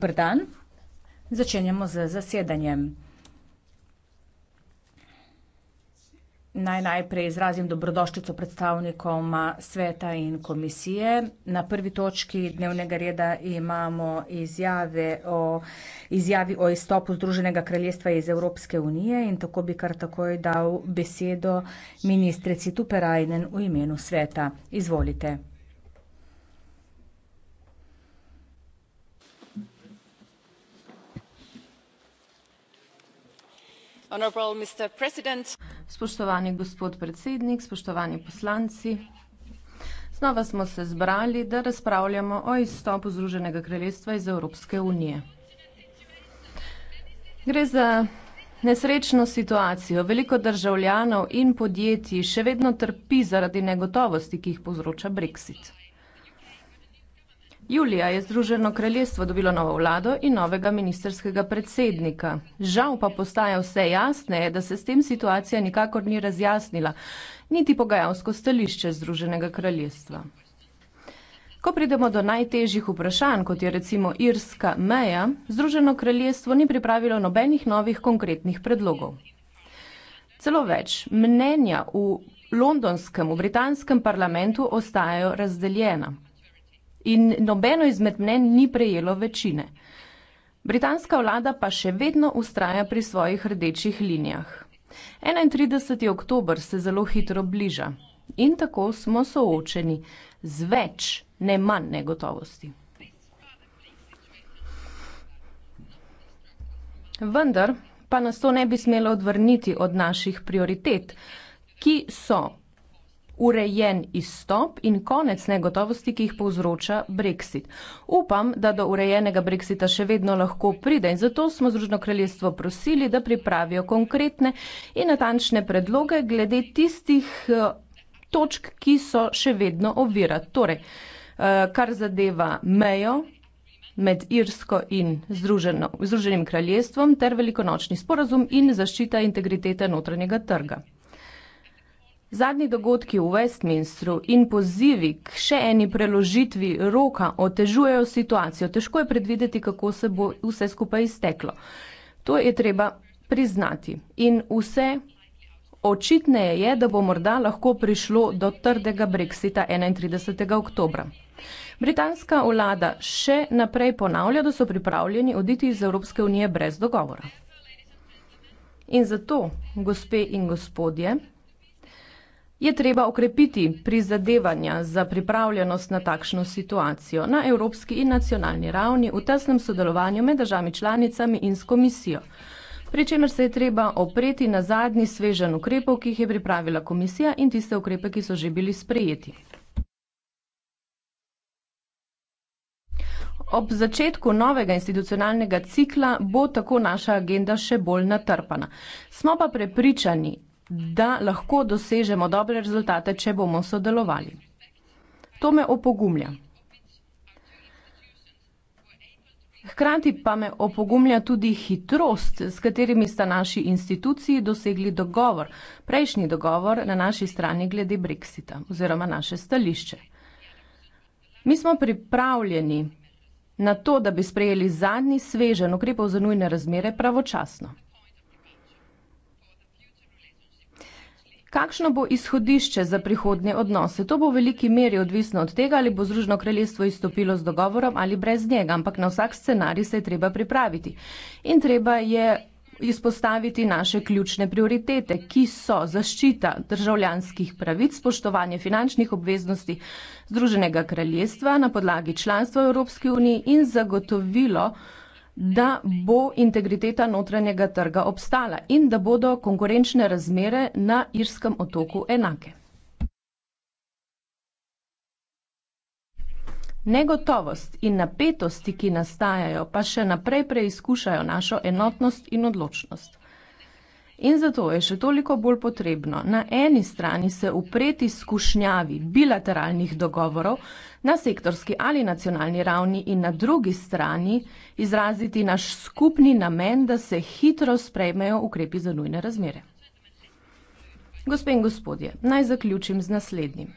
Dobar dan. Začenjamo z zasedanjem. Naj najprej izrazim dobrodošlico predstavnikom sveta in komisije. Na prvi točki dnevnega reda imamo izjave o, izjavi o izstopu Združenega kraljestva iz Evropske unije in tako bi kar takoj dal besedo ministrici Tuperajnen v imenu sveta. Izvolite. Spoštovani gospod predsednik, spoštovani poslanci. Znova smo se zbrali, da razpravljamo o izstopu Združenega kraljestva iz Evropske unije. Gre za nesrečno situacijo. Veliko državljanov in podjetij še vedno trpi zaradi negotovosti, ki jih povzroča brexit. Julija je Združeno kraljestvo dobilo novo vlado in novega ministerskega predsednika. Žal pa postaja vse jasneje, da se s tem situacija nikakor ni razjasnila, niti pogajalsko stališče Združenega kraljestva. Ko pridemo do najtežjih vprašanj, kot je recimo irska meja, Združeno kraljestvo ni pripravilo nobenih novih konkretnih predlogov. Celo več, mnenja v londonskem, v britanskem parlamentu ostajajo razdeljena in nobeno izmed mnen ni prejelo večine. Britanska vlada pa še vedno ustraja pri svojih rdečih linijah. 31. oktober se zelo hitro bliža in tako smo soočeni z več, ne manj negotovosti. Vendar pa nas to ne bi smelo odvrniti od naših prioritet, ki so urejen izstop in konec negotovosti, ki jih povzroča Brexit. Upam, da do urejenega Brexita še vedno lahko pride in zato smo Združeno kraljestvo prosili, da pripravijo konkretne in natančne predloge glede tistih eh, točk, ki so še vedno ovira. Torej, eh, kar zadeva mejo med Irsko in Združeno, Združenim kraljestvom ter velikonočni sporazum in zaščita integritete notranjega trga. Zadnji dogodki v Westminstru in pozivi k še eni preložitvi roka otežujejo situacijo. Težko je predvideti, kako se bo vse skupaj izteklo. To je treba priznati. In vse očitneje je, da bo morda lahko prišlo do trdega brexita 31. oktobra. Britanska vlada še naprej ponavlja, da so pripravljeni oditi iz Evropske unije brez dogovora. In zato, gospe in gospodje, je treba okrepiti prizadevanja za pripravljenost na takšno situacijo na evropski in nacionalni ravni v tesnem sodelovanju med državami članicami in s komisijo. Pričemer se je treba opreti na zadnji svežen ukrepov, ki jih je pripravila komisija in tiste ukrepe, ki so že bili sprejeti. Ob začetku novega institucionalnega cikla bo tako naša agenda še bolj natrpana. Smo pa prepričani, da lahko dosežemo dobre rezultate, če bomo sodelovali. To me opogumlja. Hkrati pa me opogumlja tudi hitrost, s katerimi sta naši instituciji dosegli dogovor, prejšnji dogovor na naši strani glede Brexita oziroma naše stališče. Mi smo pripravljeni na to, da bi sprejeli zadnji svežen ukrepov za nujne razmere pravočasno. Kakšno bo izhodišče za prihodnje odnose? To bo v veliki meri odvisno od tega, ali bo Združeno kraljestvo izstopilo z dogovorom ali brez njega, ampak na vsak scenarij se je treba pripraviti. In treba je izpostaviti naše ključne prioritete, ki so zaščita državljanskih pravic, spoštovanje finančnih obveznosti Združenega kraljestva na podlagi članstva v Evropski uniji in zagotovilo, da bo integriteta notranjega trga obstala in da bodo konkurenčne razmere na irskem otoku enake. Negotovost in napetosti, ki nastajajo, pa še naprej preizkušajo našo enotnost in odločnost. In zato je še toliko bolj potrebno na eni strani se upreti skušnjavi bilateralnih dogovorov na sektorski ali nacionalni ravni in na drugi strani izraziti naš skupni namen, da se hitro sprejmejo ukrepi za nujne razmere. Gospe in gospodje, naj zaključim z naslednjim.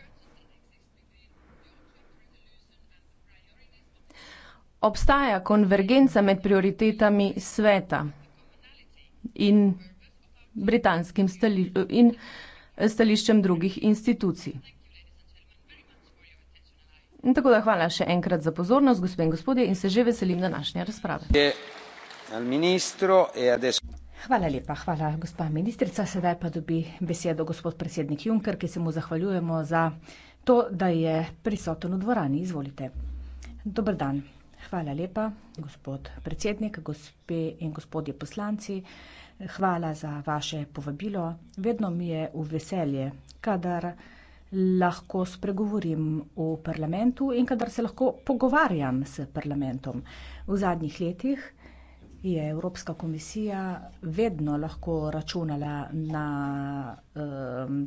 Obstaja konvergenca med prioritetami sveta in britanskim stališ in stališčem drugih institucij. In tako da hvala še enkrat za pozornost, gospe in gospodje, in se že veselim današnje razprave. E hvala lepa, hvala gospa ministrica. Sedaj pa dobi besedo gospod predsednik Juncker, ki se mu zahvaljujemo za to, da je prisoten v dvorani. Izvolite. Dobr dan. Hvala lepa, gospod predsednik, gospe in gospodje poslanci. Hvala za vaše povabilo. Vedno mi je v veselje, kadar lahko spregovorim v parlamentu in kadar se lahko pogovarjam s parlamentom. V zadnjih letih je Evropska komisija vedno lahko računala na um,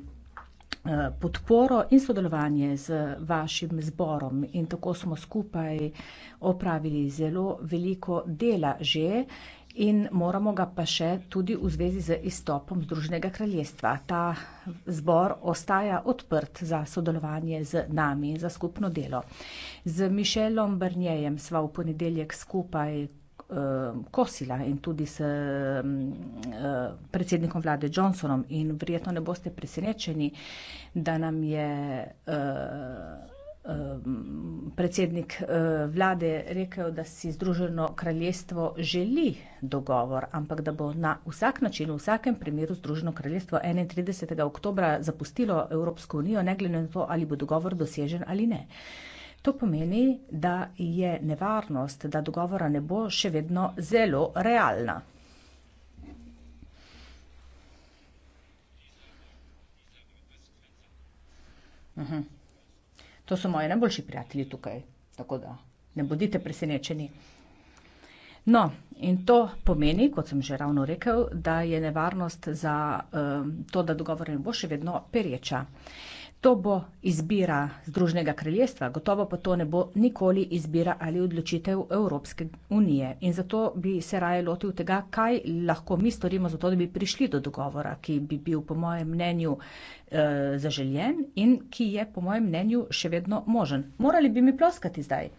podporo in sodelovanje z vašim zborom in tako smo skupaj opravili zelo veliko dela že. Uh, in moramo ga pa še tudi v zvezi z izstopom Združenega kraljestva. Ta zbor ostaja odprt za sodelovanje z nami, za skupno delo. Z Mišelom Brnjejem sva v ponedeljek skupaj eh, kosila in tudi s mm, eh, predsednikom vlade Johnsonom in verjetno ne boste presenečeni, da nam je eh, predsednik eh, vlade rekel, da si Združeno kraljestvo želi dogovor, ampak da bo na vsak način, v vsakem primeru Združeno kraljestvo 31. oktobra zapustilo Evropsko unijo, ne glede na to, ali bo dogovor dosežen ali ne. To pomeni, da je nevarnost, da dogovora ne bo še vedno zelo realna. Uh-huh. To so moji najboljši prijatelji tukaj, tako da ne bodite presenečeni. No, in to pomeni, kot sem že ravno rekel, da je nevarnost za um, to, da dogovor ne bo še vedno pereča. Uh, To bo izbira Združnega kraljestva, gotovo pa to ne bo nikoli izbira ali odločitev Evropske unije. In zato bi se raje lotil tega, kaj lahko mi storimo, zato da bi prišli do dogovora, ki bi bil po mojem mnenju eh, zaželjen in ki je po mojem mnenju še vedno možen. Morali bi mi ploskati zdaj.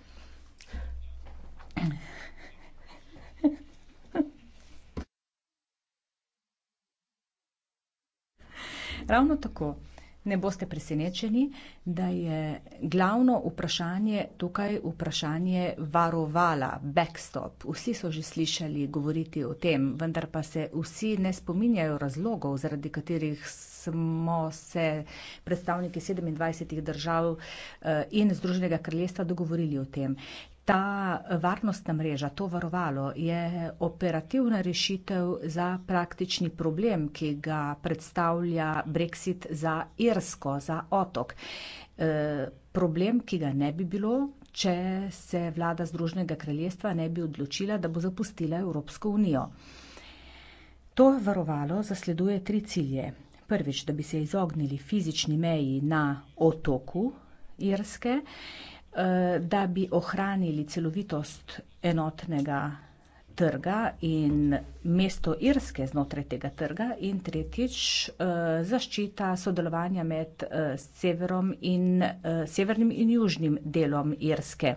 Ravno tako ne boste presenečeni, da je glavno vprašanje tukaj vprašanje varovala, backstop. Vsi so že slišali govoriti o tem, vendar pa se vsi ne spominjajo razlogov, zaradi katerih smo se predstavniki 27 držav eh, in Združenega kraljestva dogovorili o tem ta varnostna mreža, to varovalo, je operativna rešitev za praktični problem, ki ga predstavlja Brexit za Irsko, za otok. E, problem, ki ga ne bi bilo, če se vlada Združenega kraljestva ne bi odločila, da bo zapustila Evropsko unijo. To varovalo zasleduje tri cilje. Prvič, da bi se izognili fizični meji na otoku Irske. Eh, da bi ohranili celovitost enotnega trga in mesto Irske znotraj tega trga in tretjič eh, zaščita sodelovanja med eh, severom in, severnim in južnim delom Irske,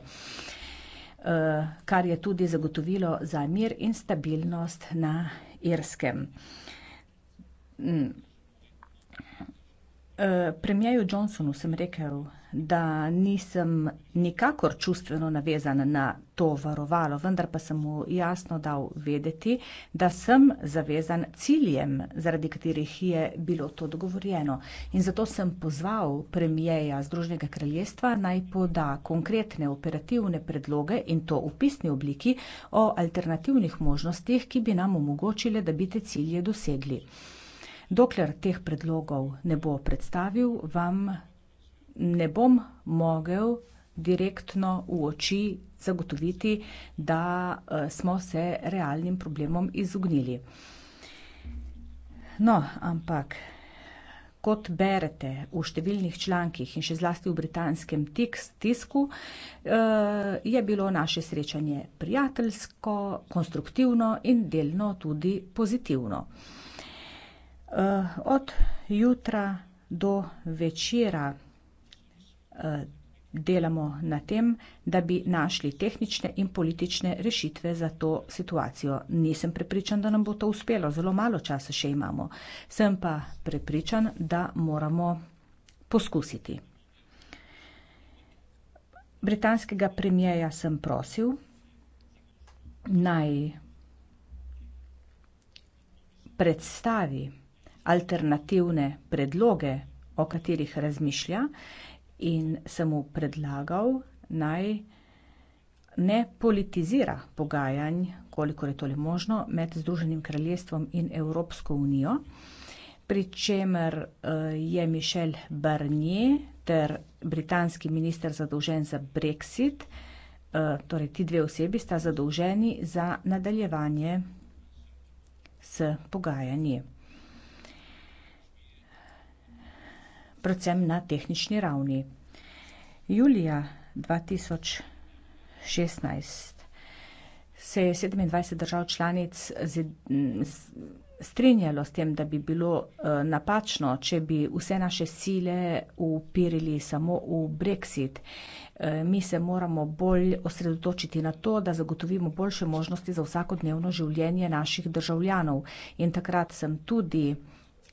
kar je tudi zagotovilo za mir in stabilnost na Irskem. Mm. Premijeju Johnsonu sem rekel, da nisem nikakor čustveno navezan na to varovalo, vendar pa sem mu jasno dal vedeti, da sem zavezan ciljem, zaradi katerih je bilo to dogovorjeno. In zato sem pozval premijeja Združnega kraljestva naj poda konkretne operativne predloge in to v pisni obliki o alternativnih možnostih, ki bi nam omogočile, da bi te cilje dosegli. Dokler teh predlogov ne bo predstavil, vam ne bom mogel direktno v oči zagotoviti, da eh, smo se realnim problemom izognili. No, ampak kot berete v številnih člankih in še zlasti v britanskem tisku, eh, je bilo naše srečanje prijateljsko, konstruktivno in delno tudi pozitivno. Eh, od jutra do večera delamo na tem, da bi našli tehnične in politične rešitve za to situacijo. Nisem prepričan, da nam bo to uspelo, zelo malo časa še imamo. Sem pa prepričan, da moramo poskusiti. Britanskega premijeja sem prosil, naj predstavi alternativne predloge, o katerih razmišlja, in sem mu predlagal, naj ne politizira pogajanj, koliko je tole možno, med Združenim kraljestvom in Evropsko unijo, pri čemer eh, je Mišel Barnier ter britanski minister zadolžen za Brexit, eh, torej ti dve osebi sta zadolženi za nadaljevanje s pogajanji. predvsem na tehnični ravni. Julija 2016 se je 27 držav članic z, z, strinjalo s tem, da bi bilo uh, napačno, če bi vse naše sile upirili samo v Brexit. Uh, mi se moramo bolj osredotočiti na to, da zagotovimo boljše možnosti za vsakodnevno življenje naših državljanov. In takrat sem tudi uh,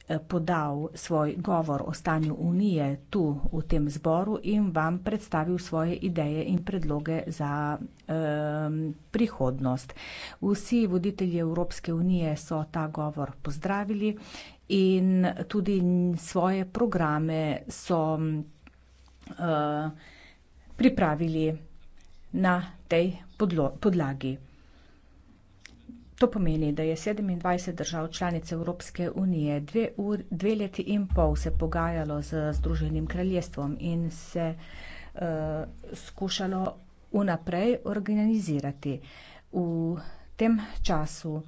podal svoj govor o stanju Unije tu v tem zboru in vam predstavil svoje ideje in predloge za um, prihodnost. Vsi voditelji Evropske unije so ta govor pozdravili in tudi svoje programe so uh, pripravili na tej podlo podlagi. To pomeni, da je 27 držav članic Evropske unije dve, ur, dve leti in pol se pogajalo z Združenim kraljestvom in se uh, skušalo unaprej organizirati. V tem času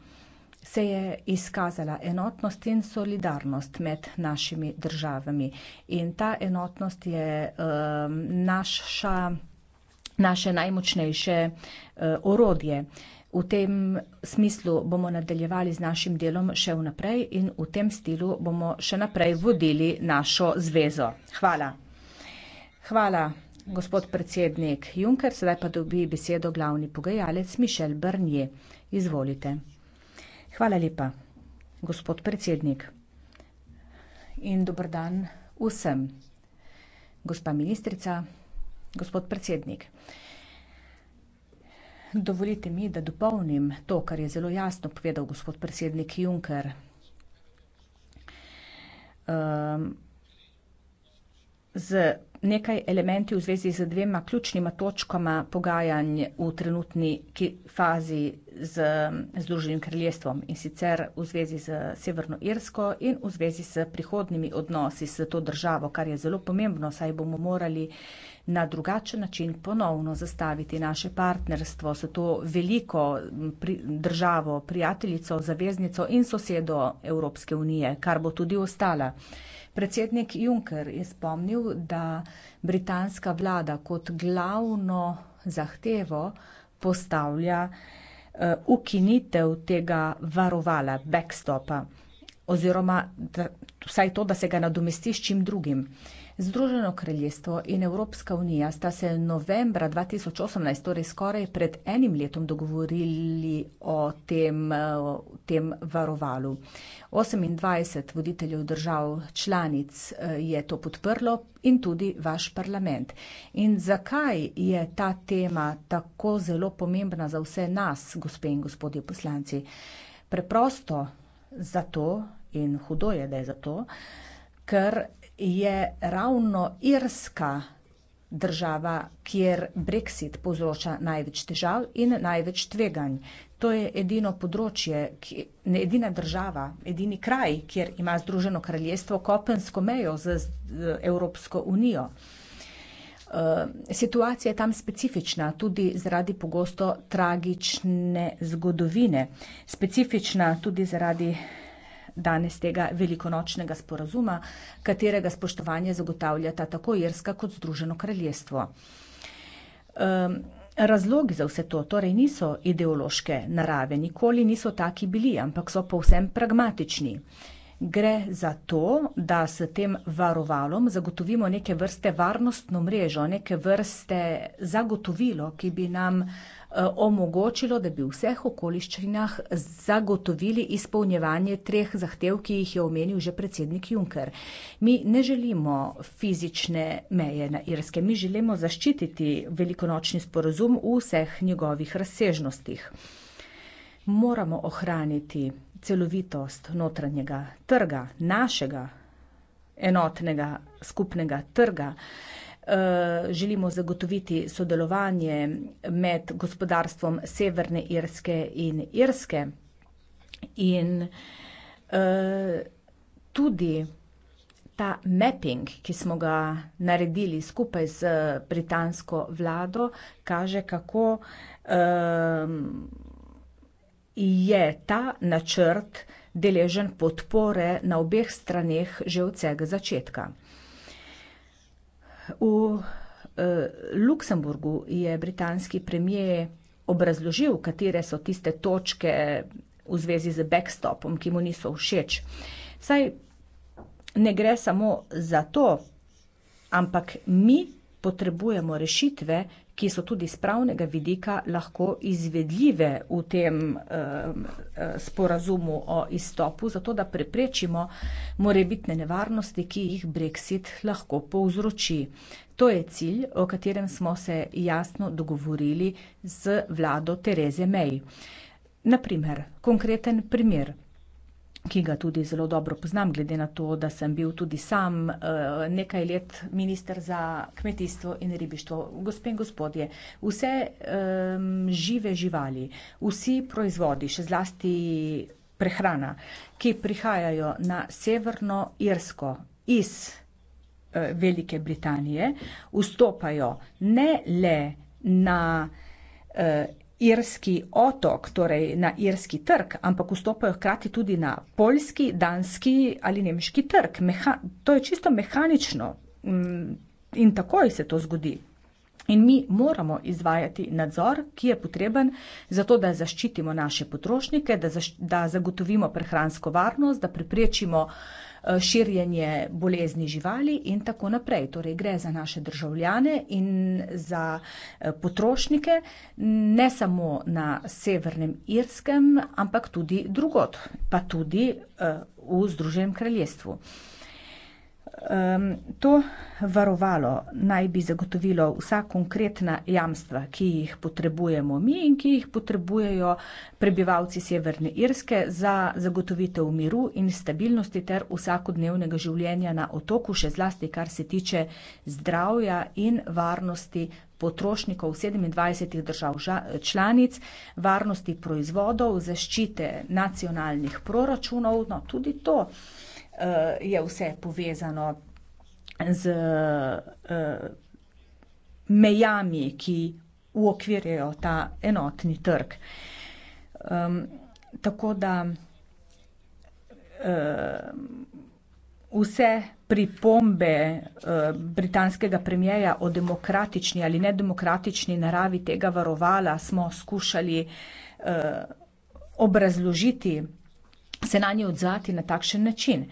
se je izkazala enotnost in solidarnost med našimi državami in ta enotnost je um, naša, naše najmočnejše uh, orodje. Uh, V tem smislu bomo nadaljevali z našim delom še vnaprej in v tem stilu bomo še naprej vodili našo zvezo. Hvala. Hvala, gospod predsednik Juncker. Sedaj pa dobi besedo glavni pogajalec Mišel Brnje. Izvolite. Hvala lepa, gospod predsednik. In dober dan vsem. Gospa ministrica, gospod predsednik. Dovolite mi, da dopolnim to, kar je zelo jasno povedal gospod predsednik Juncker. Um, z nekaj elementi v zvezi z dvema ključnima točkama pogajanj v trenutni fazi z Združenim kraljestvom in sicer v zvezi z Severno Irsko in v zvezi s prihodnimi odnosi s to državo, kar je zelo pomembno, saj bomo morali na drugačen način ponovno zastaviti naše partnerstvo s to veliko pri, državo, prijateljico, zaveznico in sosedo Evropske unije, kar bo tudi ostala. Predsednik Juncker je spomnil, da britanska vlada kot glavno zahtevo postavlja uh, ukinitev tega varovala, backstopa, oziroma da, vsaj to, da se ga nadomesti s čim drugim. Uh, Združeno kraljestvo in Evropska unija sta se novembra 2018, torej skoraj pred enim letom, dogovorili o tem, tem varovalu. 28 voditeljev držav članic eh, je to podprlo in tudi vaš parlament. In zakaj je ta tema tako zelo pomembna za vse nas, gospe in gospodje poslanci? Preprosto zato in hudo je, da je zato, ker je ravno Irska država, kjer brexit povzroča največ težav in največ tveganj. To je edino področje, ki, ne edina država, edini kraj, kjer ima Združeno kraljestvo kopensko mejo z, z Evropsko unijo. Uh, situacija je tam specifična tudi zaradi pogosto tragične zgodovine, specifična tudi zaradi danes tega velikonočnega sporazuma, katerega spoštovanje zagotavljata tako Irska kot Združeno kraljestvo. Um, Razlogi za vse to torej niso ideološke narave, nikoli niso taki bili, ampak so povsem pragmatični. Gre za to, da s tem varovalom zagotovimo neke vrste varnostno mrežo, neke vrste zagotovilo, ki bi nam uh, Eh, omogočilo, da bi v vseh okoliščinah zagotovili izpolnjevanje treh zahtev, ki jih je omenil že predsednik Juncker. Mi ne želimo fizične meje na Irske, mi želimo zaščititi velikonočni sporozum v vseh njegovih razsežnostih. Moramo ohraniti celovitost notranjega trga, našega enotnega skupnega trga. Eh, želimo zagotoviti sodelovanje med gospodarstvom Severne Irske in Irske. In eh, tudi ta mapping, ki smo ga naredili skupaj z britansko vlado, kaže, kako eh, je ta načrt deležen podpore na obeh straneh že od vsega začetka. V eh, Luksemburgu je britanski premijer obrazložil, katere so tiste točke v zvezi z backstopom, ki mu niso všeč. Saj ne gre samo za to, ampak mi potrebujemo rešitve, ki so tudi z pravnega vidika lahko izvedljive v tem eh, eh, sporazumu o izstopu, zato da preprečimo morebitne nevarnosti, ki jih Brexit lahko povzroči. To je cilj, o katerem smo se jasno dogovorili z vlado Tereze May. Naprimer, konkreten primer ki ga tudi zelo dobro poznam, glede na to, da sem bil tudi sam eh, nekaj let minister za kmetijstvo in ribištvo. Gospe in gospodje, vse um, žive živali, vsi proizvodi, še zlasti prehrana, ki prihajajo na Severno Irsko iz eh, Velike Britanije, vstopajo ne le na eh, irski otok, torej na irski trg, ampak vstopajo hkrati tudi na poljski, danski ali nemški trg. Meha to je čisto mehanično mm, in takoj se to zgodi. In mi moramo izvajati nadzor, ki je potreben za to, da zaščitimo naše potrošnike, da, zaš da zagotovimo prehransko varnost, da preprečimo uh, Eh, širjenje bolezni živali in tako naprej. Torej gre za naše državljane in za eh, potrošnike, ne samo na Severnem Irskem, ampak tudi drugot, pa tudi eh, v Združenem kraljestvu. Um, to varovalo naj bi zagotovilo vsa konkretna jamstva, ki jih potrebujemo mi in ki jih potrebujejo prebivalci Severne Irske za zagotovitev miru in stabilnosti ter vsakodnevnega življenja na otoku, še zlasti kar se tiče zdravja in varnosti potrošnikov 27 držav članic, varnosti proizvodov, zaščite nacionalnih proračunov, no tudi to uh, je vse povezano z uh, mejami, ki uokvirjajo ta enotni trg. Um, tako da uh, vse pripombe uh, britanskega premijeja o demokratični ali nedemokratični naravi tega varovala smo skušali uh, obrazložiti se na nje odzvati na takšen način.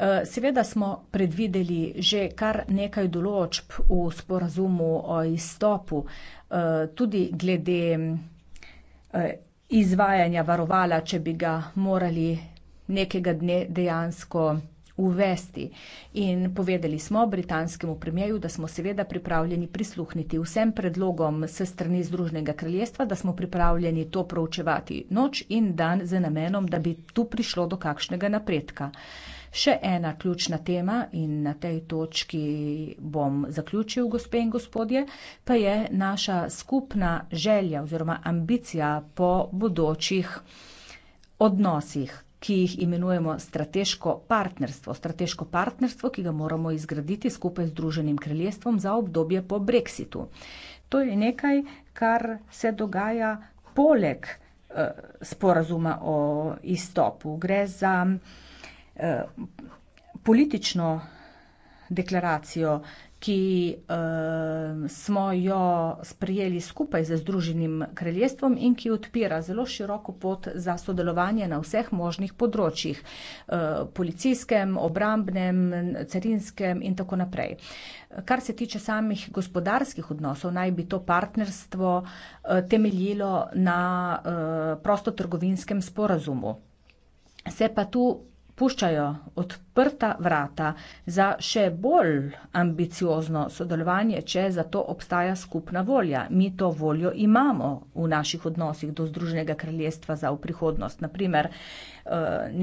Eh, seveda smo predvideli že kar nekaj določb v sporazumu o izstopu, eh, tudi glede eh, izvajanja varovala, če bi ga morali nekega dne dejansko uvesti. In povedali smo britanskemu premijeju, da smo seveda pripravljeni prisluhniti vsem predlogom se strani Združnega kraljestva, da smo pripravljeni to proučevati noč in dan z namenom, da bi tu prišlo do kakšnega napredka. Še ena ključna tema in na tej točki bom zaključil, gospe in gospodje, pa je naša skupna želja oziroma ambicija po bodočih odnosih ki jih imenujemo strateško partnerstvo. Strateško partnerstvo, ki ga moramo izgraditi skupaj z Združenim kraljestvom za obdobje po Brexitu. To je nekaj, kar se dogaja poleg eh, sporazuma o izstopu. Gre za eh, politično deklaracijo, ki eh, smo jo sprejeli skupaj z Združenim kraljestvom in ki odpira zelo široko pot za sodelovanje na vseh možnih področjih, eh, policijskem, obrambnem, carinskem in tako naprej. Kar se tiče samih gospodarskih odnosov, naj bi to partnerstvo eh, temeljilo na eh, prostotrgovinskem sporazumu. Se pa tu puščajo odprta vrata za še bolj ambiciozno sodelovanje, če za to obstaja skupna volja. Mi to voljo imamo v naših odnosih do Združenega kraljestva za v prihodnost, naprimer eh,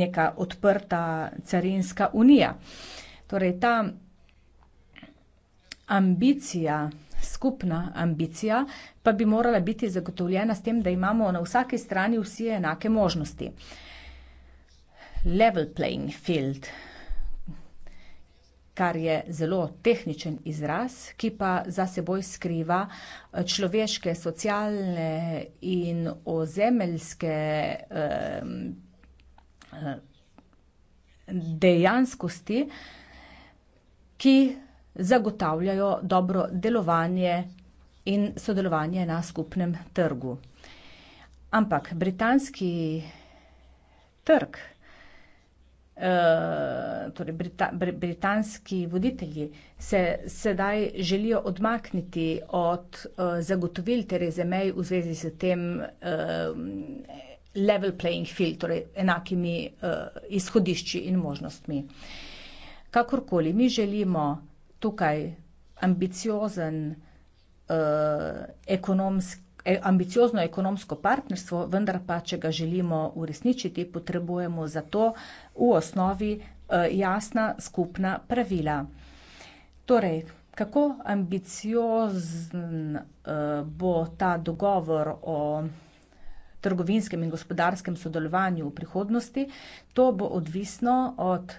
neka odprta carinska unija. Torej ta ambicija, skupna ambicija, pa bi morala biti zagotovljena s tem, da imamo na vsaki strani vsi enake možnosti level playing field, kar je zelo tehničen izraz, ki pa za seboj skriva eh, človeške, socialne in ozemeljske eh, eh, dejanskosti, ki zagotavljajo dobro delovanje in sodelovanje na skupnem trgu. Ampak britanski trg Eh, torej Brita, britanski voditelji se sedaj želijo odmakniti od eh, zagotovil Tereze May v zvezi s tem eh, level playing field, torej enakimi izhodišči in možnostmi. Kakorkoli, mi želimo tukaj ambiciozen ekonomski E, ambiciozno ekonomsko partnerstvo, vendar pa, če ga želimo uresničiti, potrebujemo za to v osnovi e, jasna skupna pravila. Torej, kako ambiciozen e, bo ta dogovor o trgovinskem in gospodarskem sodelovanju v prihodnosti, to bo odvisno od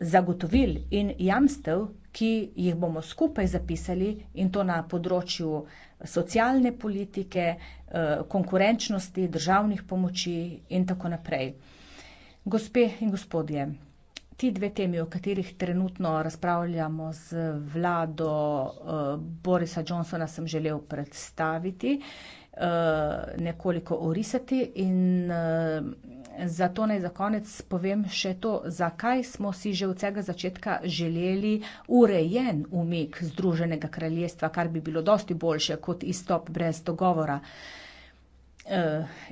zagotovil in jamstev, ki jih bomo skupaj zapisali in to na področju socialne politike, eh, konkurenčnosti, državnih pomoči in tako naprej. Gospe in gospodje, ti dve temi, o katerih trenutno razpravljamo z vlado eh, Borisa Johnsona, sem želel predstaviti, eh, nekoliko orisati in Zato naj za konec povem še to, zakaj smo si že od vsega začetka želeli urejen umik Združenega kraljestva, kar bi bilo dosti boljše kot izstop brez dogovora. E,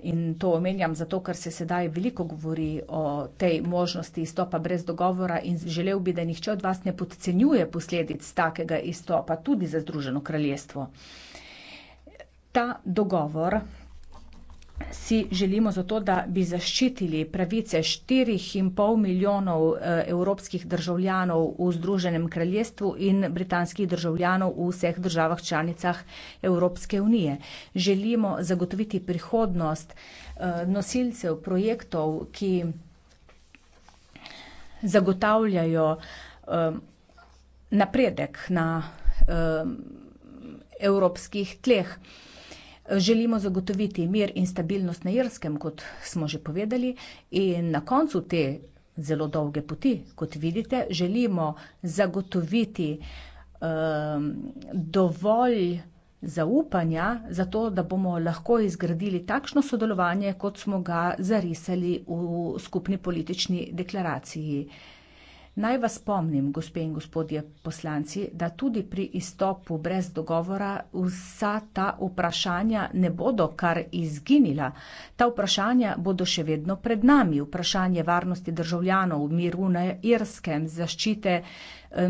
in to omenjam zato, ker se sedaj veliko govori o tej možnosti izstopa brez dogovora in želel bi, da nihče od vas ne podcenjuje posledic takega izstopa tudi za Združeno kraljestvo. Ta dogovor si želimo zato, da bi zaščitili pravice 4,5 milijonov eh, evropskih državljanov v Združenem kraljestvu in britanskih državljanov v vseh državah članicah Evropske unije. Želimo zagotoviti prihodnost eh, nosilcev projektov, ki zagotavljajo eh, napredek na evropskih tleh. Želimo zagotoviti mir in stabilnost na Irskem, kot smo že povedali, in na koncu te zelo dolge poti, kot vidite, želimo zagotoviti um, dovolj zaupanja, zato da bomo lahko izgradili takšno sodelovanje, kot smo ga zarisali v skupni politični deklaraciji. Naj vas spomnim, gospe in gospodje poslanci, da tudi pri izstopu brez dogovora vsa ta vprašanja ne bodo kar izginila. Ta vprašanja bodo še vedno pred nami. Vprašanje varnosti državljanov, miru na Irskem, zaščite eh,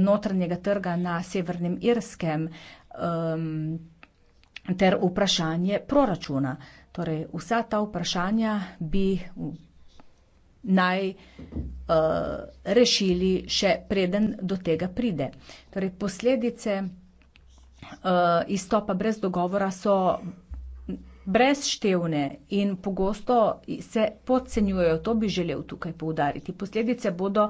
notranjega trga na Severnem Irskem um, ter vprašanje proračuna. Torej, vsa ta vprašanja bi naj uh, rešili, še preden do tega pride. Torej, posledice uh, izstopa brez dogovora so brezštevne in pogosto se podcenjujejo. To bi želel tukaj poudariti. Posledice bodo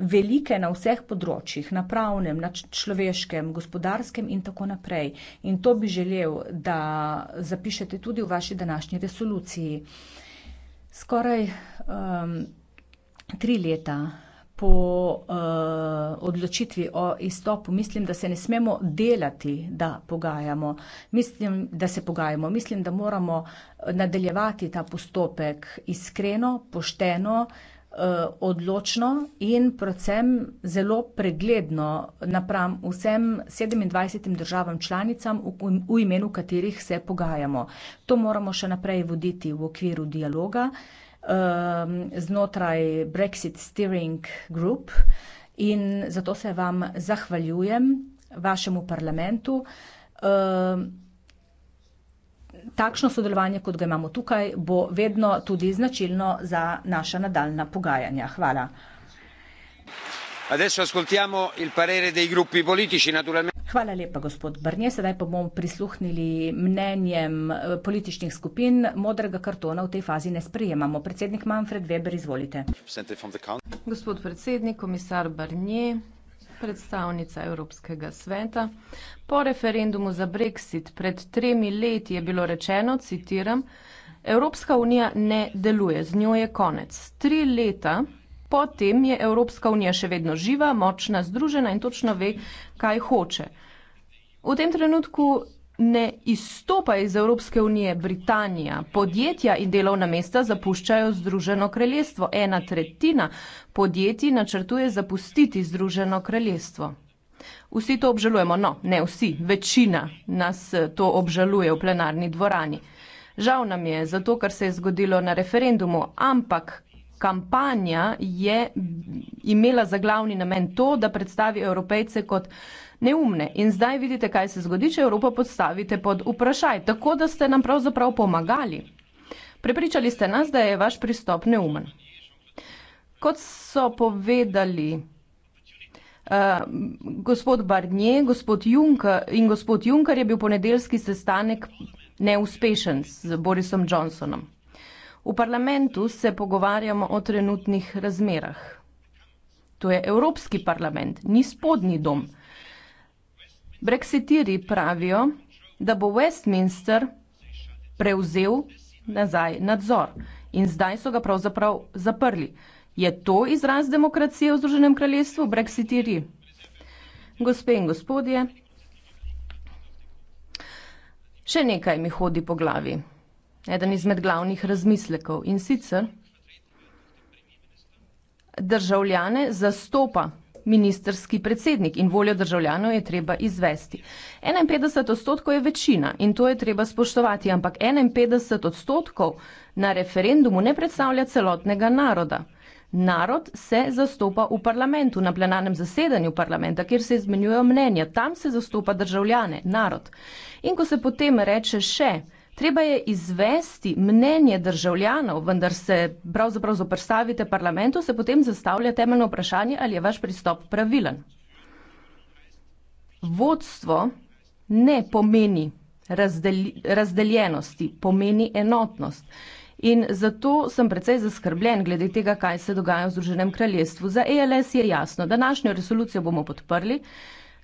velike na vseh področjih, na pravnem, na človeškem, gospodarskem in tako naprej. In to bi želel, da zapišete tudi v vaši današnji resoluciji. Uh, Skoraj um, tri leta po uh, odločitvi o izstopu mislim, da se ne smemo delati, da pogajamo. Mislim, da se pogajamo. Mislim, da moramo nadaljevati ta postopek iskreno, pošteno, uh, Eh, odločno in predvsem zelo pregledno napram vsem 27 državam članicam, v imenu katerih se pogajamo. To moramo še naprej voditi v okviru dialoga ehm, znotraj Brexit Steering Group in zato se vam zahvaljujem, vašemu parlamentu. Ehm, takšno sodelovanje, kot ga imamo tukaj, bo vedno tudi značilno za naša nadaljna pogajanja. Hvala. Adesso ascoltiamo il parere dei gruppi politici, naturalmente. Hvala lepa, gospod Brnje. Sedaj pa bomo prisluhnili mnenjem eh, političnih skupin. Modrega kartona v tej fazi ne sprejemamo. Predsednik Manfred Weber, izvolite. Gospod predsednik, komisar Brnje, predstavnica Evropskega sveta. Po referendumu za Brexit pred tremi leti je bilo rečeno, citiram, Evropska unija ne deluje, z njo je konec. Tri leta potem je Evropska unija še vedno živa, močna, združena in točno ve, kaj hoče. V tem trenutku ne izstopa iz Evropske unije Britanija. Podjetja in delovna mesta zapuščajo Združeno kraljestvo. Ena tretjina podjetij načrtuje zapustiti Združeno kraljestvo. Vsi to obžalujemo, no, ne vsi, večina nas to obžaluje v plenarni dvorani. Žal nam je zato, kar se je zgodilo na referendumu, ampak kampanja je imela za glavni namen to, da predstavi evropejce kot neumne. In zdaj vidite, kaj se zgodi, če Evropo podstavite pod vprašaj. Tako da ste nam pravzaprav pomagali. Prepričali ste nas, da je vaš pristop neumen. Kot so povedali uh, gospod Barnier, gospod Juncker in gospod Juncker je bil ponedeljski sestanek neuspešen z Borisom Johnsonom. V parlamentu se pogovarjamo o trenutnih razmerah. To je Evropski parlament, ni spodnji dom. Brexitiri pravijo, da bo Westminster prevzel nazaj nadzor in zdaj so ga pravzaprav zaprli. Je to izraz demokracije v Združenem kraljestvu? Brexitiri. Gospe in gospodje, še nekaj mi hodi po glavi. Eden izmed glavnih razmislekov in sicer državljane zastopa ministerski predsednik in voljo državljanov je treba izvesti. 51 odstotkov je večina in to je treba spoštovati, ampak 51 odstotkov na referendumu ne predstavlja celotnega naroda. Narod se zastopa v parlamentu, na plenarnem zasedanju parlamenta, kjer se izmenjujejo mnenja, tam se zastopa državljane, narod. In ko se potem reče še, Treba je izvesti mnenje državljanov, vendar se pravzaprav zoprstavite parlamentu, se potem zastavlja temeljno vprašanje, ali je vaš pristop pravilen. Vodstvo ne pomeni razdelj, razdeljenosti, pomeni enotnost. In zato sem precej zaskrbljen glede tega, kaj se dogaja v Združenem kraljestvu. Za ELS je jasno, današnjo resolucijo bomo podprli,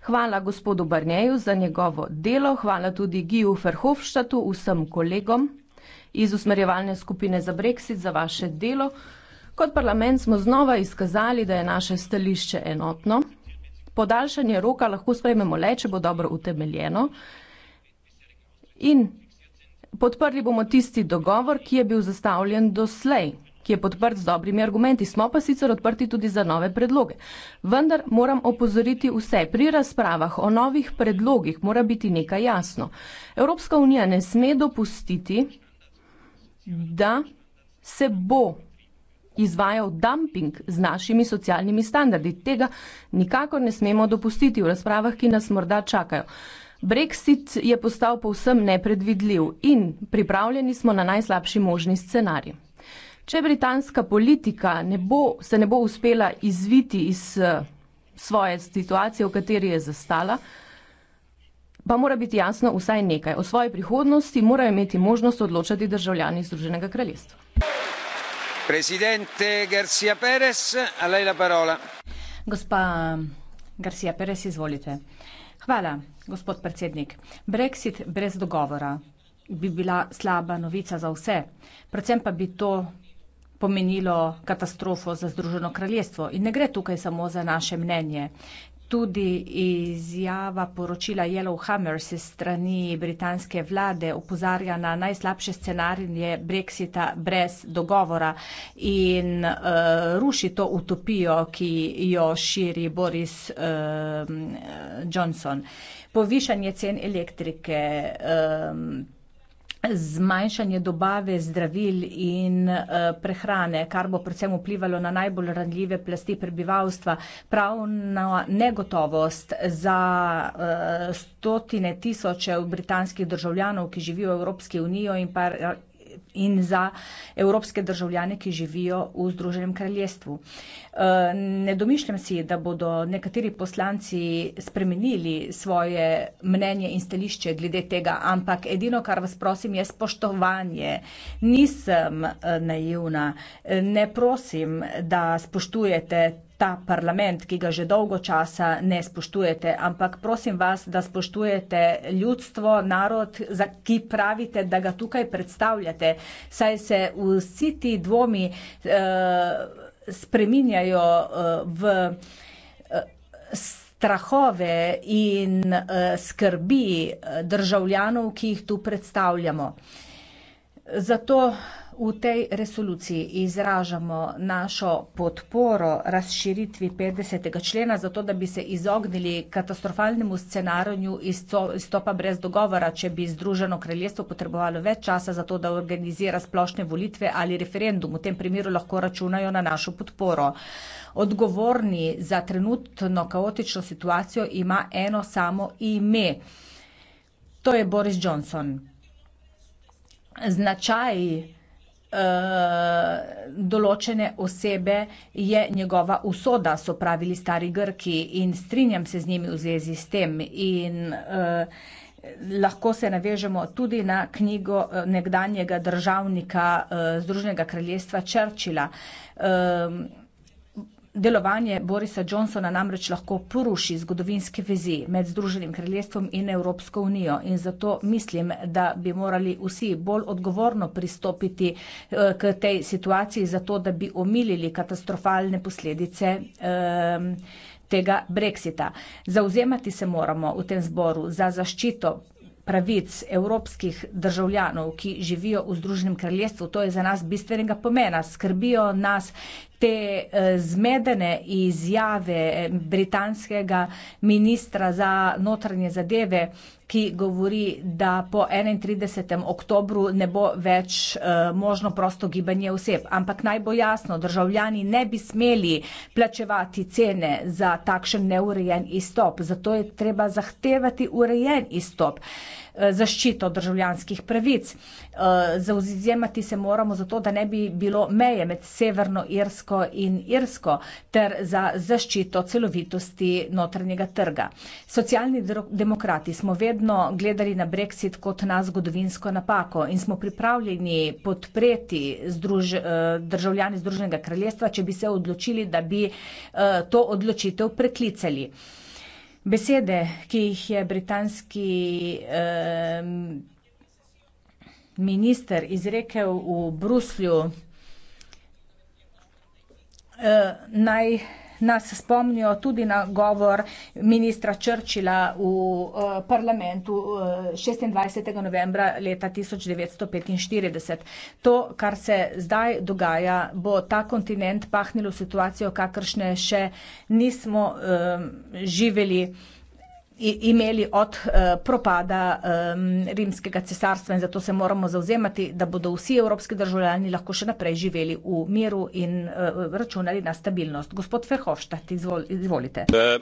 Hvala gospodu Barneju za njegovo delo, hvala tudi Giju Ferhofštatu, vsem kolegom iz usmerjevalne skupine za Brexit za vaše delo. Kot parlament smo znova izkazali, da je naše stališče enotno. Podaljšanje roka lahko sprejmemo le, če bo dobro utemeljeno. In podprli bomo tisti dogovor, ki je bil zastavljen doslej ki je podprt z dobrimi argumenti. Smo pa sicer odprti tudi za nove predloge. Vendar moram opozoriti vse. Pri razpravah o novih predlogih mora biti nekaj jasno. Evropska unija ne sme dopustiti, da se bo izvajal dumping z našimi socialnimi standardi. Tega nikako ne smemo dopustiti v razpravah, ki nas morda čakajo. Brexit je postal povsem nepredvidljiv in pripravljeni smo na najslabši možni scenarij. Če britanska politika ne bo, se ne bo uspela izviti iz eh, svoje situacije, v kateri je zastala, pa mora biti jasno vsaj nekaj. O svoji prihodnosti morajo imeti možnost odločati državljani Združenega kraljestva. Presidente Garcia Perez, a lei la parola. Gospa Garcia Perez, izvolite. Hvala, gospod predsednik. Brexit brez dogovora bi bila slaba novica za vse, predvsem pa bi to pomenilo katastrofo za Združeno kraljestvo. In ne gre tukaj samo za naše mnenje. Tudi izjava poročila Yellowhammer se strani britanske vlade opozarja na najslabše scenarije Brexita brez dogovora in uh, ruši to utopijo, ki jo širi Boris uh, Johnson. Povišanje cen elektrike. Uh, zmanjšanje dobave zdravil in uh, prehrane, kar bo predvsem vplivalo na najbolj ranljive plasti prebivalstva, pravna negotovost za uh, stotine tisoče britanskih državljanov, ki živijo v Evropski uniji in pa in za evropske državljane, ki živijo v Združenem kraljestvu. Eh, ne domišljam si, da bodo nekateri poslanci spremenili svoje mnenje in stališče glede tega, ampak edino, kar vas prosim, je spoštovanje. Nisem eh, naivna, eh, ne prosim, da spoštujete ta parlament, ki ga že dolgo časa ne spoštujete, ampak prosim vas, da spoštujete ljudstvo, narod, za ki pravite, da ga tukaj predstavljate. Saj se vsi ti dvomi eh, spreminjajo eh, v eh, strahove in eh, skrbi eh, državljanov, ki jih tu predstavljamo. Zato v tej resoluciji izražamo našo podporo razširitvi 50. člena, zato da bi se izognili katastrofalnemu scenarju izstopa brez dogovora, če bi Združeno kraljestvo potrebovalo več časa za to, da organizira splošne volitve ali referendum. V tem primeru lahko računajo na našo podporo. Odgovorni za trenutno kaotično situacijo ima eno samo ime. To je Boris Johnson. Značaj Eh, določene osebe je njegova usoda, so pravili stari Grki in strinjam se z njimi v zvezi s tem. In uh, lahko se navežemo tudi na knjigo eh, nekdanjega državnika uh, Združenega kraljestva Churchilla. Uh, Delovanje Borisa Johnsona namreč lahko poruši zgodovinske vezi med Združenim kraljestvom in Evropsko unijo in zato mislim, da bi morali vsi bolj odgovorno pristopiti eh, k tej situaciji, zato da bi omilili katastrofalne posledice ehm, tega brexita. Zauzemati se moramo v tem zboru za zaščito pravic evropskih državljanov, ki živijo v Združenem kraljestvu. To je za nas bistvenega pomena. Skrbijo nas te eh, zmedene izjave britanskega ministra za notranje zadeve, ki govori, da po 31. oktobru ne bo več eh, možno prosto gibanje oseb. Ampak naj bo jasno, državljani ne bi smeli plačevati cene za takšen neurejen izstop, zato je treba zahtevati urejen izstop. Eh, zaščito državljanskih pravic. Eh, zauzemati se moramo zato, da ne bi bilo meje med Severno Irsko in Irsko ter za zaščito celovitosti notranjega trga. Socialni demokrati smo vedno gledali na Brexit kot na zgodovinsko napako in smo pripravljeni podpreti združ, eh, državljani Združenega kraljestva, če bi se odločili, da bi to odločitev preklicali. Besede, ki jih je britanski eh, minister izrekel v Bruslju, eh, naj nas spomnijo tudi na govor ministra Črčila v eh, parlamentu 26. Eh, novembra leta 1945. To, kar se zdaj dogaja, bo ta kontinent pahnilo v situacijo, kakršne še nismo eh, živeli imeli od eh, propada rimskega cesarstva in zato se moramo zauzemati, da bodo vsi evropski državljani lahko še naprej živeli v miru in eh, računali na stabilnost. Gospod Verhofstadt, izvolite. Eh.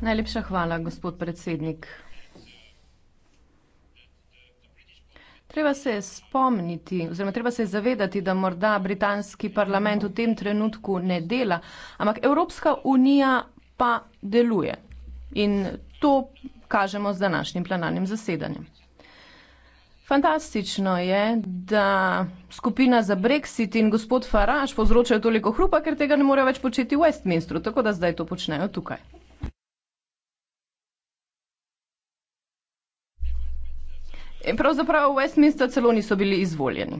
Najlepša hvala, gospod predsednik. Treba se je spomniti oziroma treba se je zavedati, da morda britanski parlament v tem trenutku ne dela, ampak Evropska unija pa deluje. In to kažemo z današnjim plenarnim zasedanjem. Fantastično je, da skupina za Brexit in gospod Farage povzročajo toliko hrupa, ker tega ne morejo več početi v Westminstru, tako da zdaj to počnejo tukaj. In pravzaprav v Westminster celo niso bili izvoljeni.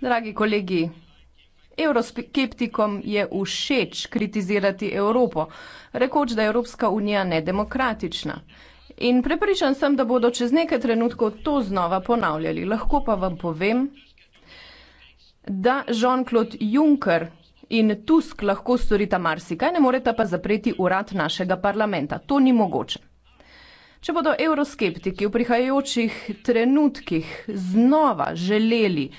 Dragi kolegi, Evroskeptikom je všeč kritizirati Evropo, rekoč, da je Evropska unija nedemokratična. In prepričan sem, da bodo čez nekaj trenutkov to znova ponavljali. Lahko pa vam povem, da Jean-Claude Juncker in Tusk lahko storita marsikaj, ne moreta pa zapreti urad našega parlamenta. To ni mogoče. Če bodo evroskeptiki v prihajajočih trenutkih znova želeli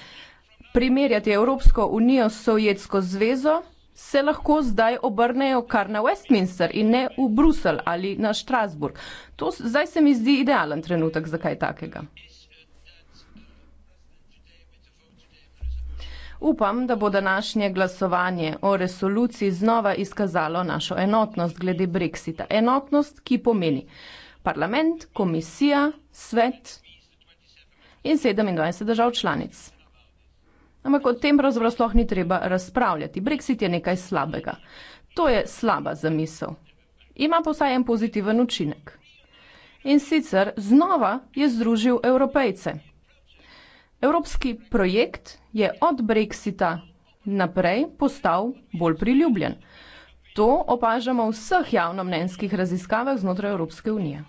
primerjati Evropsko unijo s Sovjetsko zvezo, se lahko zdaj obrnejo kar na Westminster in ne v Bruselj ali na Štrasburg. To zdaj se mi zdi idealen trenutek za kaj takega. Upam, da bo današnje glasovanje o resoluciji znova izkazalo našo enotnost glede Brexita. Enotnost, ki pomeni parlament, komisija, svet in 27 držav članic. Ampak o tem pravzaprav sploh ni treba razpravljati. Brexit je nekaj slabega. To je slaba zamisel. Ima pa vsaj en pozitiven učinek. In sicer znova je združil evropejce. Evropski projekt je od Brexita naprej postal bolj priljubljen. To opažamo v vseh javnomnenjskih raziskavah znotraj Evropske unije.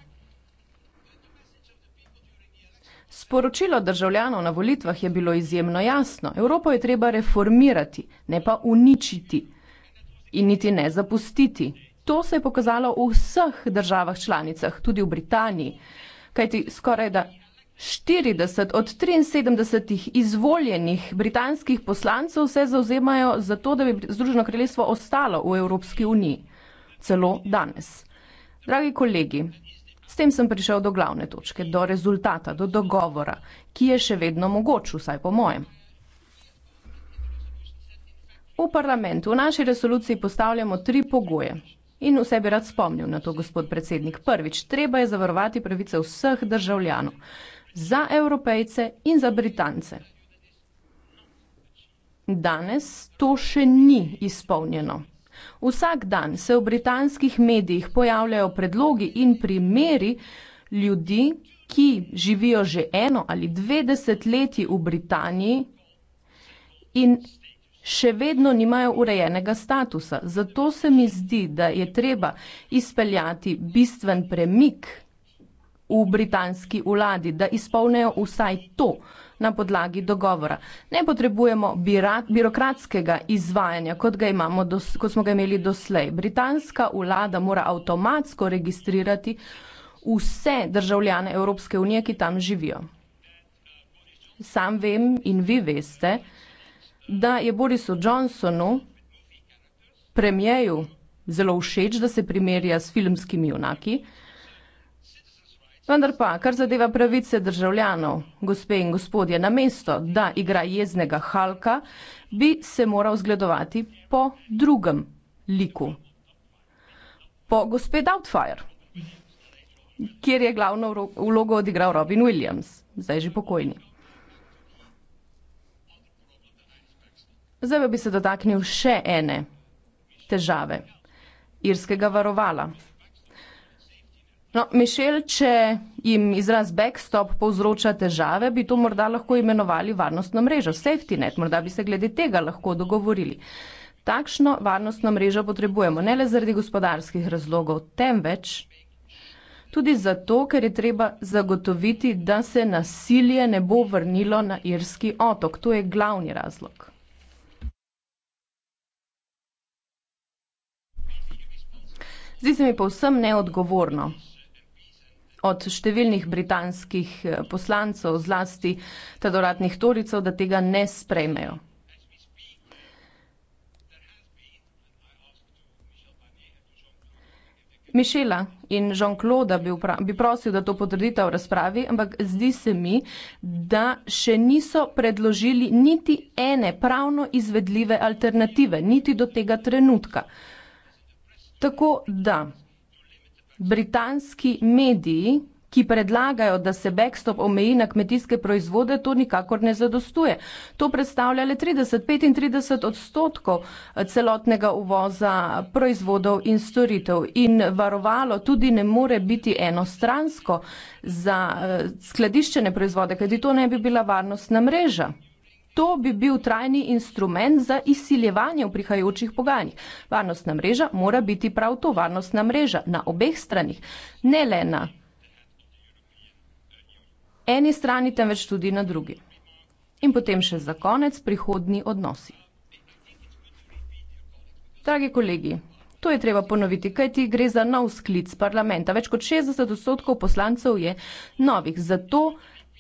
Sporočilo državljanov na volitvah je bilo izjemno jasno. Evropo je treba reformirati, ne pa uničiti in niti ne zapustiti. To se je pokazalo v vseh državah članicah, tudi v Britaniji, kajti skoraj da 40 od 73 izvoljenih britanskih poslancev se zauzemajo za to, da bi Združeno kraljestvo ostalo v Evropski uniji. Celo danes. Dragi kolegi, tem sem prišel do glavne točke, do rezultata, do dogovora, ki je še vedno mogoč, vsaj po mojem. V parlamentu v naši resoluciji postavljamo tri pogoje. In vse bi rad spomnil na to, gospod predsednik. Prvič, treba je zavarovati pravice vseh državljanov. Za evropejce in za britance. Danes to še ni izpolnjeno. Vsak dan se v britanskih medijih pojavljajo predlogi in primeri ljudi, ki živijo že eno ali dve desetletji v Britaniji in še vedno nimajo urejenega statusa. Zato se mi zdi, da je treba izpeljati bistven premik v britanski vladi, da izpolnejo vsaj to, na podlagi dogovora. Ne potrebujemo birokratskega izvajanja, kot, imamo dos, kot smo ga imeli doslej. Britanska vlada mora avtomatsko registrirati vse državljane Evropske unije, ki tam živijo. Sam vem in vi veste, da je Borisu Johnsonu, premijeju, zelo všeč, da se primerja s filmskimi junaki. Vendar pa, kar zadeva pravice državljanov, gospe in gospodje, na mesto, da igra jeznega halka, bi se moral zgledovati po drugem liku. Po gospe Doubtfire, kjer je glavno vlogo odigral Robin Williams, zdaj že pokojni. Zdaj bi se dotaknil še ene težave irskega varovala. No, Mišel, če jim izraz backstop povzroča težave, bi to morda lahko imenovali varnostno mrežo, safety net, morda bi se glede tega lahko dogovorili. Takšno varnostno mrežo potrebujemo ne le zaradi gospodarskih razlogov, temveč tudi zato, ker je treba zagotoviti, da se nasilje ne bo vrnilo na irski otok. To je glavni razlog. Zdi se mi povsem neodgovorno, od številnih britanskih eh, poslancev, zlasti ta doradnih toricev, da tega ne sprejmejo. Mišela in Jean-Claude bi, bi prosil, da to potrdite v razpravi, ampak zdi se mi, da še niso predložili niti ene pravno izvedljive alternative, niti do tega trenutka. Tako da britanski mediji, ki predlagajo, da se backstop omeji na kmetijske proizvode, to nikakor ne zadostuje. To predstavlja le 30-35 odstotkov eh, celotnega uvoza proizvodov in storitev. In varovalo tudi ne more biti enostransko za eh, skladiščene proizvode, kajti to ne bi bila varnostna mreža to bi bil trajni instrument za izsiljevanje v prihajajočih pogajanjih. Varnostna mreža mora biti prav to varnostna mreža na obeh stranih, ne le na eni strani, temveč tudi na drugi. In potem še za konec prihodni odnosi. Dragi kolegi, to je treba ponoviti, kaj ti gre za nov sklic parlamenta. Več kot 60 odstotkov poslancev je novih, zato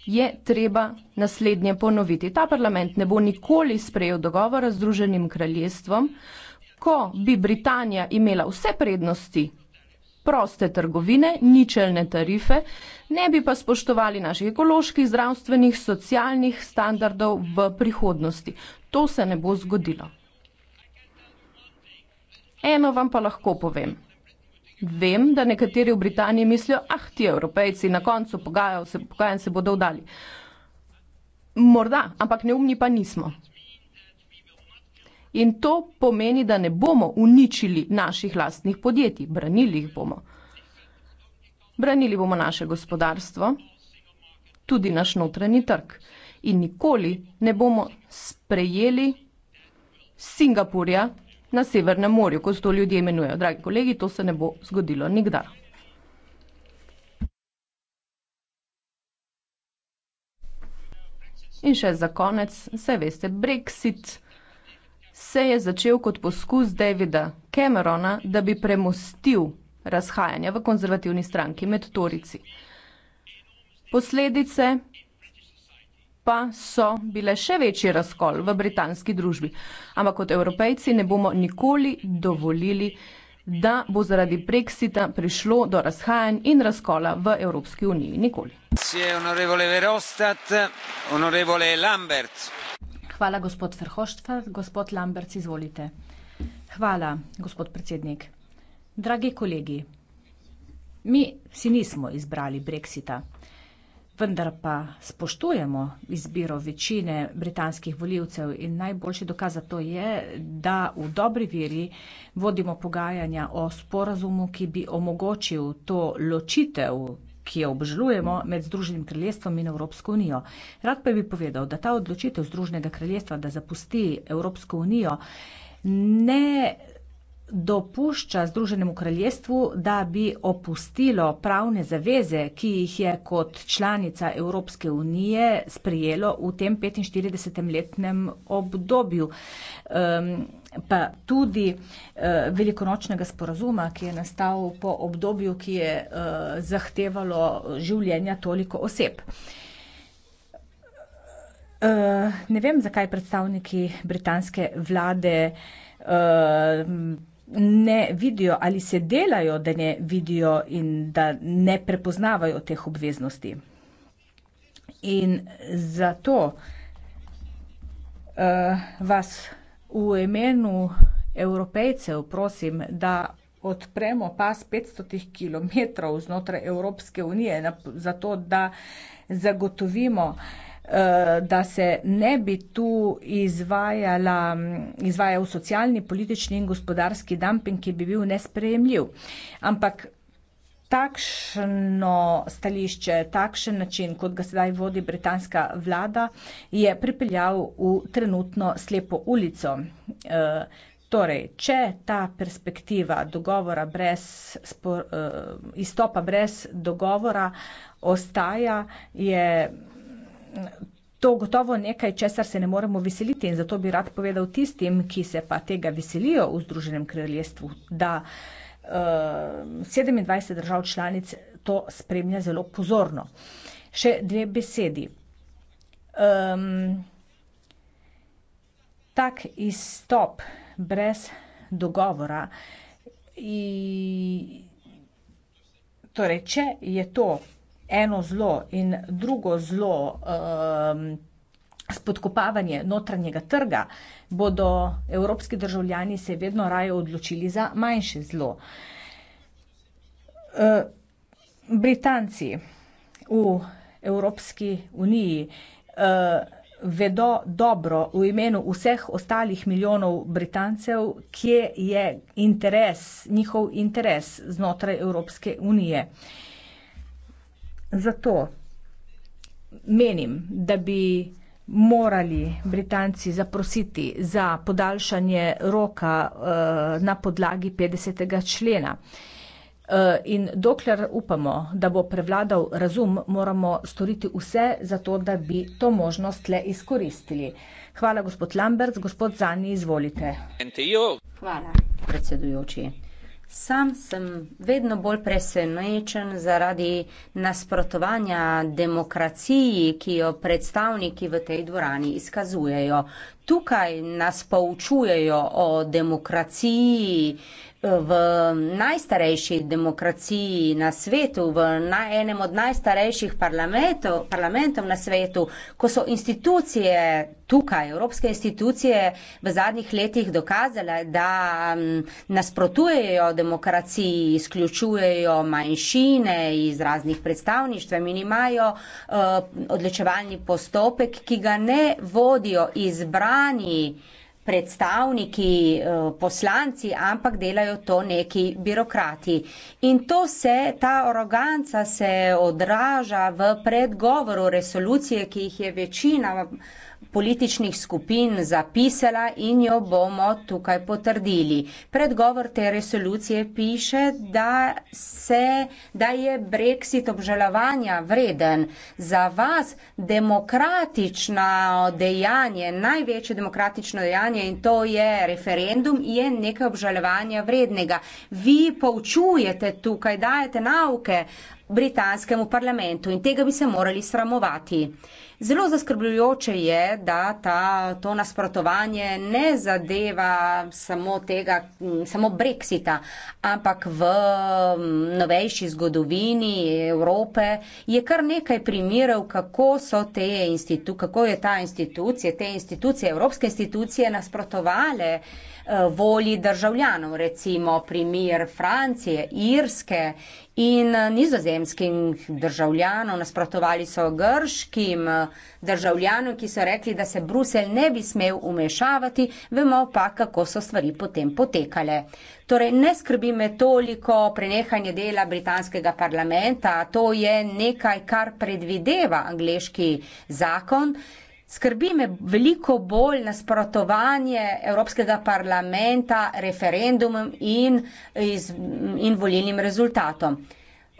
je treba naslednje ponoviti. Ta parlament ne bo nikoli sprejel dogovora z Združenim kraljestvom, ko bi Britanija imela vse prednosti proste trgovine, ničelne tarife, ne bi pa spoštovali naših ekoloških, zdravstvenih, socialnih standardov v prihodnosti. To se ne bo zgodilo. Eno vam pa lahko povem. Vem, da nekateri v Britaniji mislijo, ah, ti evropejci na koncu pogajal se, pogajan se bodo vdali. Morda, ampak neumni pa nismo. In to pomeni, da ne bomo uničili naših lastnih podjetij, branili jih bomo. Branili bomo naše gospodarstvo, tudi naš notranji trg. In nikoli ne bomo sprejeli Singapurja na Severnem morju, kot to ljudje imenujejo. Dragi kolegi, to se ne bo zgodilo nikdar. In še za konec, vse veste, Brexit se je začel kot poskus Davida Camerona, da bi premostil razhajanja v konzervativni stranki med Torici. Posledice pa so bile še večji razkol v britanski družbi. Ampak kot evropejci ne bomo nikoli dovolili, da bo zaradi Brexita prišlo do razhajanj in razkola v Evropski uniji. Nikoli. Hvala, gospod Verhoštvar. Gospod Lambert, izvolite. Hvala, gospod predsednik. Dragi kolegi, mi si nismo izbrali Brexita vendar pa spoštujemo izbiro večine britanskih voljivcev in najboljši dokaz za to je, da v dobri veri vodimo pogajanja o sporazumu, ki bi omogočil to ločitev, ki jo obžalujemo med Združenim kraljestvom in Evropsko unijo. Rad pa bi povedal, da ta odločitev Združenega kraljestva, da zapusti Evropsko unijo, ne dopušča Združenemu kraljestvu, da bi opustilo pravne zaveze, ki jih je kot članica Evropske unije sprijelo v tem 45-letnem obdobju. Um, pa tudi uh, velikonočnega sporazuma, ki je nastal po obdobju, ki je uh, zahtevalo življenja toliko oseb. Uh, ne vem, zakaj predstavniki britanske vlade uh, ne vidijo ali se delajo, da ne vidijo in da ne prepoznavajo teh obveznosti. In zato uh, vas v imenu evropejcev prosim, da odpremo pas 500 km znotraj Evropske unije, na, zato da zagotovimo, uh, Eh, da se ne bi tu izvajala, mm, izvajal socialni, politični in gospodarski dumping, ki bi bil nesprejemljiv. Ampak takšno stališče, takšen način, kot ga sedaj vodi britanska vlada, je pripeljal v trenutno slepo ulico. Eh, torej, če ta perspektiva dogovora brez, spor, eh, izstopa brez dogovora ostaja, je To gotovo nekaj, česar se ne moremo veseliti in zato bi rad povedal tistim, ki se pa tega veselijo v Združenem kraljestvu, da uh, eh, 27 držav članic to spremlja zelo pozorno. Še dve besedi. Um, tak izstop brez dogovora. I, torej, če je to eno zlo in drugo zlo, um, spodkopavanje notranjega trga, bodo evropski državljani se vedno raje odločili za manjše zlo. Eh, Britanci v Evropski uniji eh, vedo dobro v imenu vseh ostalih milijonov Britancev, kje je interes, njihov interes znotraj Evropske unije. Zato menim, da bi morali Britanci zaprositi za podaljšanje roka uh, na podlagi 50. člena. Eh, in dokler upamo, da bo prevladal razum, moramo storiti vse za to, da bi to možnost le izkoristili. Hvala, gospod Lambert. Gospod Zani, izvolite. Hvala, predsedujoči. Sam sem vedno bolj presenečen zaradi nasprotovanja demokraciji, ki jo predstavniki v tej dvorani izkazujejo tukaj nas poučujejo o demokraciji, v najstarejši demokraciji na svetu, v na enem od najstarejših parlamentov, parlamentov na svetu, ko so institucije tukaj, evropske institucije v zadnjih letih dokazale, da nasprotujejo demokraciji, izključujejo manjšine iz raznih predstavništv in imajo uh, odločevalni postopek, ki ga ne vodijo izbrani župani, predstavniki, eh, poslanci, ampak delajo to neki birokrati. In to se, ta aroganca se odraža v predgovoru resolucije, ki jih je večina političnih skupin zapisala in jo bomo tukaj potrdili. Predgovor te resolucije piše, da, se, da je brexit obžalovanja vreden. Za vas demokratično dejanje, največje demokratično dejanje in to je referendum, je nekaj obžalovanja vrednega. Vi poučujete tukaj, dajete nauke britanskemu parlamentu in tega bi se morali sramovati. Zelo zaskrbljujoče je, da ta, to nasprotovanje ne zadeva samo, tega, samo Brexita, ampak v novejši zgodovini Evrope je kar nekaj primerov, kako, kako je ta institucija, te institucije, evropske institucije nasprotovale. Eh, volji državljanov, recimo primer Francije, Irske in nizozemskim državljanov. Nasprotovali so grškim eh, državljanom, ki so rekli, da se Brusel ne bi smel umešavati, vemo pa, kako so stvari potem potekale. Torej, ne skrbi me toliko prenehanje dela britanskega parlamenta, to je nekaj, kar predvideva angliški zakon. Skrbi me veliko bolj nasprotovanje Evropskega parlamenta referendumom in, in volilnim rezultatom.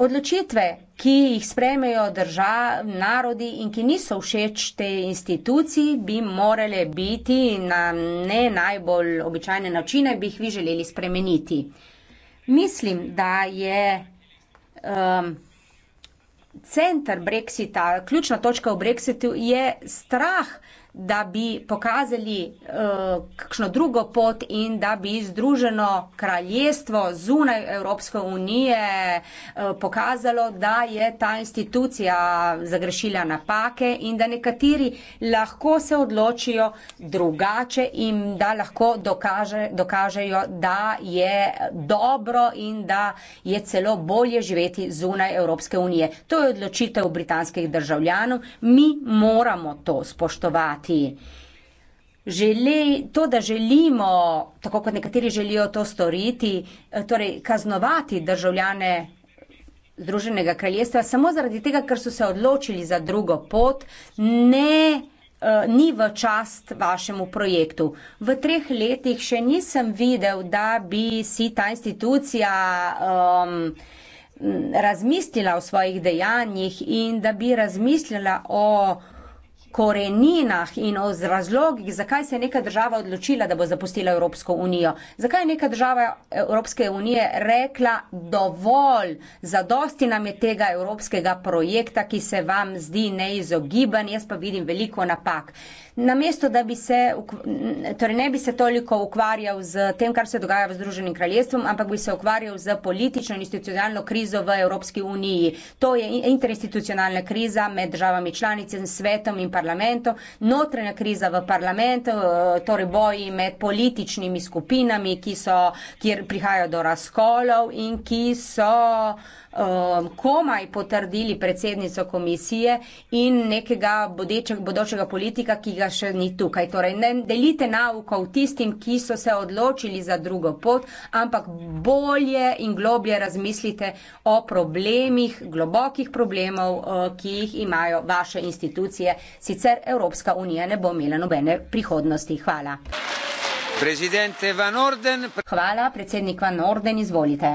Odločitve, ki jih sprejmejo državi, narodi in ki niso všeč tej instituciji, bi morale biti na ne najbolj običajne načine, bi jih vi želeli spremeniti. Mislim, da je um, center Brexita, ključna točka v Brexitu je strah da bi pokazali uh, kakšno drugo pot in da bi združeno kraljestvo zunaj Evropske unije uh, pokazalo, da je ta institucija zagrešila napake in da nekateri lahko se odločijo drugače in da lahko dokaže, dokažejo, da je dobro in da je celo bolje živeti zunaj Evropske unije. To je odločitev britanskih državljanov. Mi moramo to spoštovati hkrati. Želi, to, da želimo, tako kot nekateri želijo to storiti, eh, torej kaznovati državljane Združenega kraljestva samo zaradi tega, ker so se odločili za drugo pot, ne, eh, ni v čast vašemu projektu. V treh letih še nisem videl, da bi si ta institucija um, razmislila o svojih dejanjih in da bi razmislila o koreninah in o razlogih, zakaj se je neka država odločila, da bo zapustila Evropsko unijo. Zakaj je neka država eh, Evropske unije rekla dovolj, zadosti nam je tega evropskega projekta, ki se vam zdi neizogiben, jaz pa vidim veliko napak. Namesto, da bi se, torej ne bi se toliko ukvarjal z tem, kar se dogaja v Združenim kraljestvom, ampak bi se ukvarjal z politično in institucionalno krizo v Evropski uniji. To je interinstitucionalna kriza med državami članicami, svetom in pa parlamentu, notranja kriza v parlamentu, eh, torej boji med političnimi skupinami, so, kjer prihaja do razkolov in ki so um, komaj potrdili predsednico komisije in nekega bodečega, bodočega politika, ki ga še ni tukaj. Torej, ne delite nauka v tistim, ki so se odločili za drugo pot, ampak bolje in globlje razmislite o problemih, globokih problemov, uh, ki jih imajo vaše institucije. Sicer Evropska unija ne bo imela nobene prihodnosti. Hvala. Hvala, predsednik Van Orden, izvolite.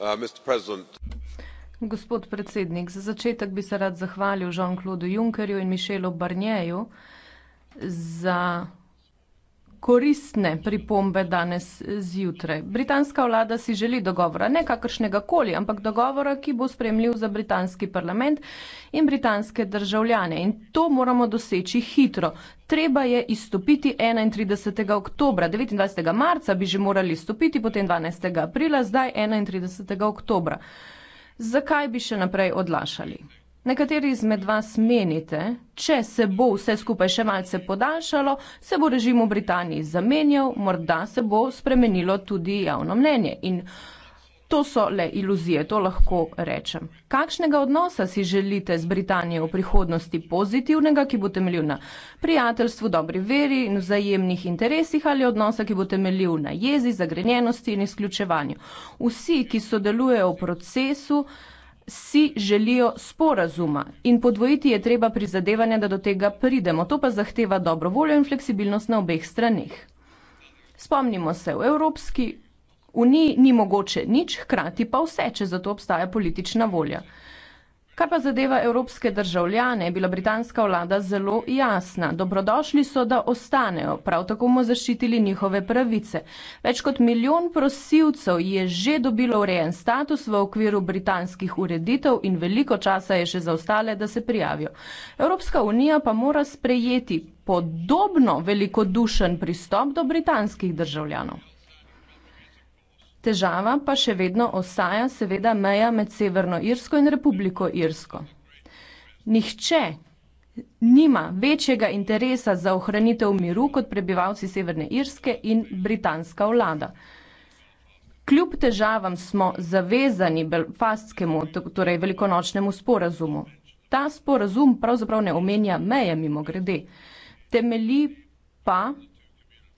Uh, Gospod predsednik, za začetek bi se rad zahvalil Jean-Claudu Junckerju in Michelu Barnierju za koristne pripombe danes zjutraj. Britanska vlada si želi dogovora, ne kakršnega koli, ampak dogovora, ki bo spremljiv za britanski parlament in britanske državljane. In to moramo doseči hitro. Treba je izstopiti 31. oktober, 29. marca bi že morali izstopiti, potem 12. aprila, zdaj 31. oktober. Zakaj bi še naprej odlašali? Nekateri izmed vas menite, če se bo vse skupaj še malce podaljšalo, se bo režim v Britaniji zamenjal, morda se bo spremenilo tudi javno mnenje. In to so le iluzije, to lahko rečem. Kakšnega odnosa si želite z Britanijo v prihodnosti pozitivnega, ki bo temeljil na prijateljstvu, dobri veri in vzajemnih interesih ali odnosa, ki bo temeljil na jezi, zagrenjenosti in izključevanju? Vsi, ki sodelujejo v procesu, si želijo sporazuma in podvojiti je treba prizadevanja, da do tega pridemo. To pa zahteva dobro voljo in fleksibilnost na obeh stranih. Spomnimo se, v Evropski uniji ni mogoče nič, hkrati pa vse, če zato obstaja politična volja. Kar pa zadeva evropske državljane, je bila britanska vlada zelo jasna. Dobrodošli so, da ostanejo, prav tako bomo zaščitili njihove pravice. Več kot milijon prosilcev je že dobilo urejen status v okviru britanskih ureditev in veliko časa je še zaostale, da se prijavijo. Evropska unija pa mora sprejeti podobno velikodušen pristop do britanskih državljanov. Težava pa še vedno ostaja seveda meja med Severno Irsko in Republiko Irsko. Nihče nima večjega interesa za ohranitev miru kot prebivalci Severne Irske in britanska vlada. Kljub težavam smo zavezani Belfastskemu, torej velikonočnemu sporazumu. Ta sporazum pravzaprav ne omenja meje mimo grede. Temeli pa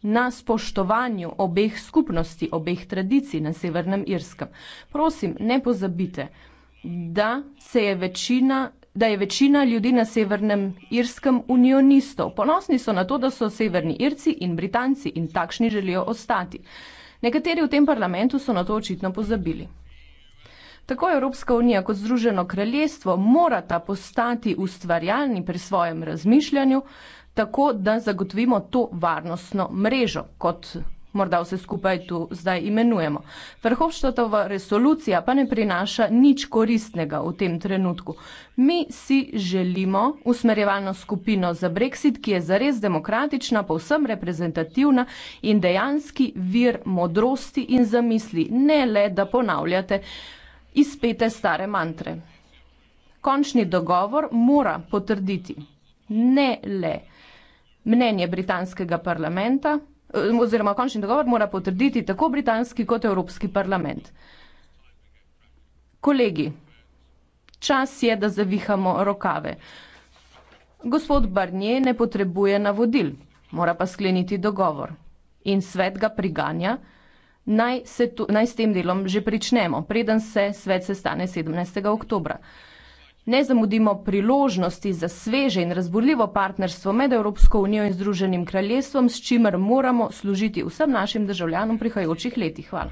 na spoštovanju obeh skupnosti, obeh tradicij na Severnem Irskem. Prosim, ne pozabite, da se je večina da je večina ljudi na Severnem Irskem unionistov. Ponosni so na to, da so Severni Irci in Britanci in takšni želijo ostati. Nekateri v tem parlamentu so na to očitno pozabili. Tako Evropska unija kot Združeno kraljestvo morata postati ustvarjalni pri svojem razmišljanju, tako da zagotovimo to varnostno mrežo, kot morda vse skupaj tu zdaj imenujemo. Vrhovštotova resolucija pa ne prinaša nič koristnega v tem trenutku. Mi si želimo usmerjevalno skupino za Brexit, ki je zares demokratična, povsem reprezentativna in dejanski vir modrosti in zamisli, ne le da ponavljate izpete stare mantre. Končni dogovor mora potrditi ne le mnenje britanskega parlamenta, eh, oziroma končni dogovor mora potrditi tako britanski kot evropski parlament. Kolegi, čas je, da zavihamo rokave. Gospod Barnier ne potrebuje navodil, mora pa skleniti dogovor in svet ga priganja, naj, se tu, naj s tem delom že pričnemo, preden se svet sestane 17. oktobra. Ne zamudimo priložnosti za sveže in razburljivo partnerstvo med Evropsko unijo in Združenim kraljestvom, s čimer moramo služiti vsem našim državljanom prihajajočih letih. Hvala.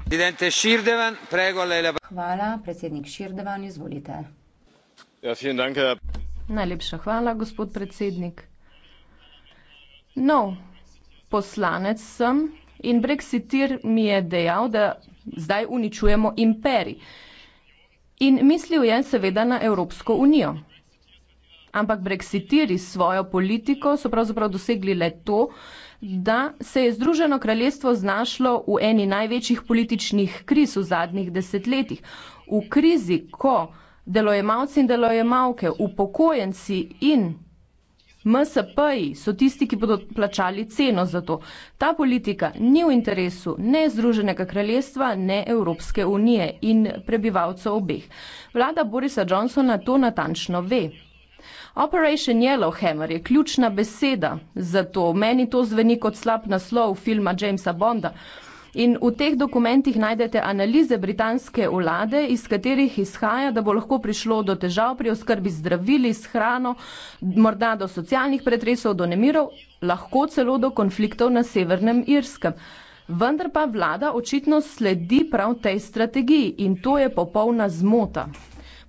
Hvala, predsednik Širdevan, izvolite. Ja, Najlepša hvala, gospod predsednik. No, poslanec sem in brexitir mi je dejal, da zdaj uničujemo imperij. In mislil je seveda na Evropsko unijo. Ampak brexitiri s svojo politiko so pravzaprav dosegli le to, da se je Združeno kraljestvo znašlo v eni največjih političnih kriz v zadnjih desetletjih. V krizi, ko delojemalci in delojemalke, upokojenci in MSP-ji so tisti, ki bodo plačali ceno za to. Ta politika ni v interesu ne Združenega kraljestva, ne Evropske unije in prebivalcev obeh. Vlada Borisa Johnsona to natančno ve. Operation Yellowhammer je ključna beseda za to. Meni to zveni kot slab naslov filma Jamesa Bonda. In v teh dokumentih najdete analize britanske vlade, iz katerih izhaja, da bo lahko prišlo do težav pri oskrbi zdravili, s hrano, morda do socialnih pretresov, do nemirov, lahko celo do konfliktov na severnem Irskem. Vendar pa vlada očitno sledi prav tej strategiji in to je popolna zmota.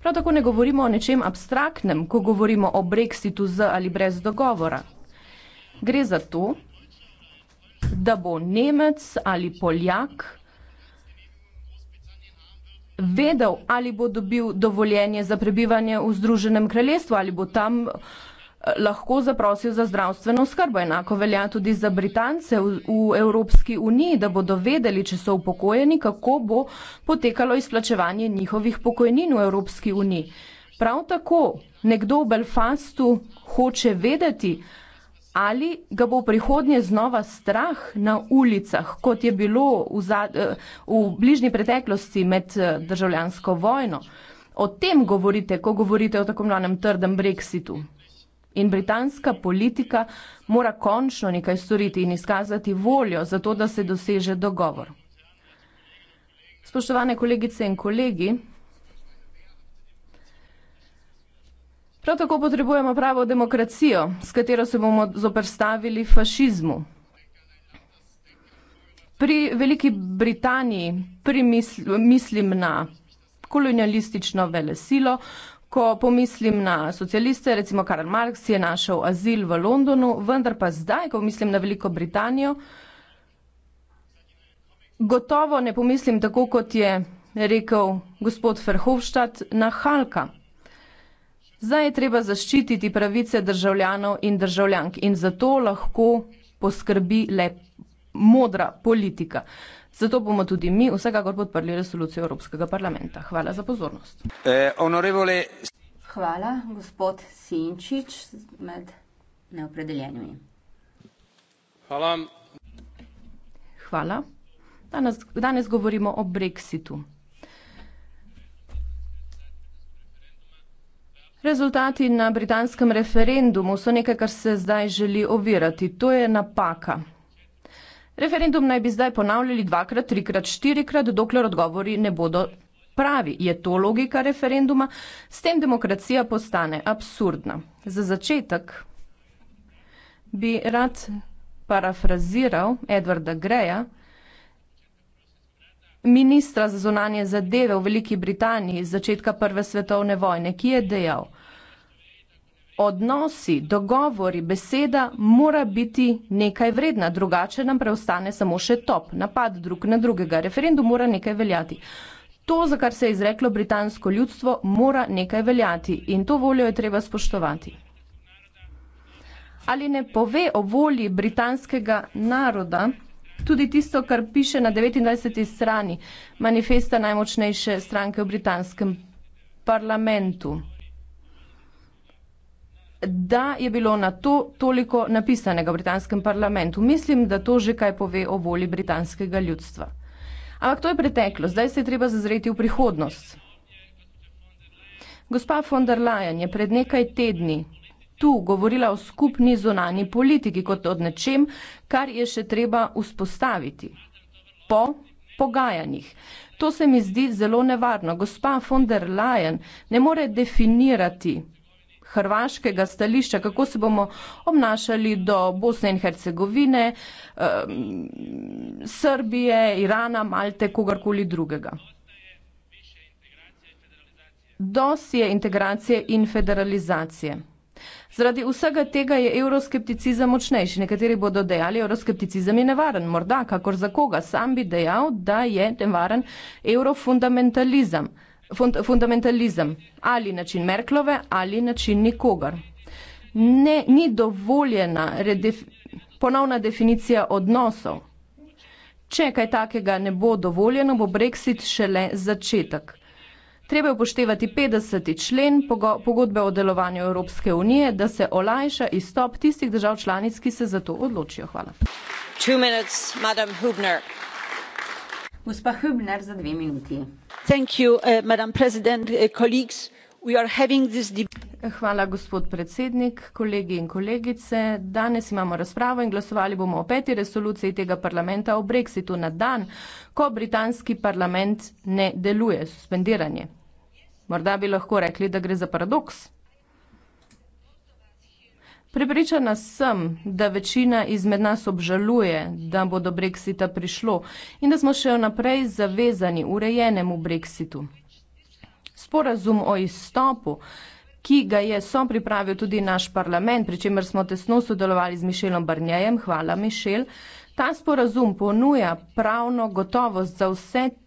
Prav tako ne govorimo o nečem abstraktnem, ko govorimo o brexitu z ali brez dogovora. Gre za to, da bo Nemec ali Poljak vedel, ali bo dobil dovoljenje za prebivanje v Združenem kraljestvu, ali bo tam eh, lahko zaprosil za zdravstveno skrbo. Enako velja tudi za Britance v, v Evropski uniji, da bodo vedeli, če so upokojeni, kako bo potekalo izplačevanje njihovih pokojnin v Evropski uniji. Prav tako nekdo v Belfastu hoče vedeti, ali ga bo v prihodnje znova strah na ulicah, kot je bilo v, za, eh, v bližnji preteklosti med eh, državljansko vojno. O tem govorite, ko govorite o tako imenovanem trdem brexitu. In britanska politika mora končno nekaj storiti in izkazati voljo za to, da se doseže dogovor. Spoštovane kolegice in kolegi, Prav tako potrebujemo pravo demokracijo, s katero se bomo zoprstavili fašizmu. Pri Veliki Britaniji pri misl, mislim na kolonialistično velesilo, ko pomislim na socialiste, recimo Karl Marx je našel azil v Londonu, vendar pa zdaj, ko mislim na Veliko Britanijo, gotovo ne pomislim tako, kot je rekel gospod Verhofstadt na Halka. Zdaj je treba zaščititi pravice državljanov in državljank in za to lahko poskrbi le modra politika. Zato bomo tudi mi vsekakor podprli resolucijo Evropskega parlamenta. Hvala za pozornost. Eh, Hvala, gospod Sinčič med neopredeljenimi. Hvala. Hvala. Danes, danes govorimo o brexitu. Rezultati na britanskem referendumu so nekaj, kar se zdaj želi ovirati. To je napaka. Referendum naj bi zdaj ponavljali dvakrat, trikrat, štirikrat, dokler odgovori ne bodo pravi. Je to logika referenduma? S tem demokracija postane absurdna. Za začetek bi rad parafraziral Edwarda Greja, ministra za zunanje zadeve v Veliki Britaniji iz začetka Prve svetovne vojne, ki je dejal, odnosi, dogovori, beseda mora biti nekaj vredna, drugače nam preostane samo še top, napad drug na drugega, referendum mora nekaj veljati. To, za kar se je izreklo britansko ljudstvo, mora nekaj veljati in to voljo je treba spoštovati. Ali ne pove o volji britanskega naroda, tudi tisto, kar piše na 29. strani manifesta najmočnejše stranke v britanskem parlamentu. Da je bilo na to toliko napisanega v britanskem parlamentu. Mislim, da to že kaj pove o voli britanskega ljudstva. Ampak to je preteklost, zdaj se je treba zazreti v prihodnost. Gospa von der Leyen je pred nekaj tedni tu govorila o skupni zunani politiki kot o nečem, kar je še treba vzpostaviti po pogajanjih. To se mi zdi zelo nevarno. Gospa von der Leyen ne more definirati hrvaškega stališča, kako se bomo obnašali do Bosne in Hercegovine, eh, Srbije, Irana, Malte, kogarkoli drugega. Dos je integracije in federalizacije. Zaradi vsega tega je euroskepticizem močnejši. Nekateri bodo dejali, euroskepticizem je nevaren. Morda, kakor za koga, sam bi dejal, da je nevaren eurofundamentalizem. Fund, fundamentalizem ali način Merklove ali način nikogar. Ne, ni dovoljena redef, ponovna definicija odnosov. Če kaj takega ne bo dovoljeno, bo Brexit šele začetek. Treba je upoštevati 50. člen pogodbe o delovanju Evropske unije, da se olajša izstop tistih držav članic, ki se za to odločijo. Hvala. Gospa Hübner za dve minuti. Uh, uh, Hvala, gospod predsednik, kolegi in kolegice. Danes imamo razpravo in glasovali bomo o peti resoluciji tega parlamenta o brexitu na dan, ko britanski parlament ne deluje, suspendiranje. Morda bi lahko rekli, da gre za paradoks. Pripričana sem, da večina izmed nas obžaluje, da bo do Brexita prišlo in da smo še naprej zavezani urejenemu Brexitu. Sporazum o izstopu, ki ga je so pripravil tudi naš parlament, pri čemer smo tesno sodelovali z Mišelom Barnjejem, hvala Mišel, ta sporazum ponuja pravno gotovost za vse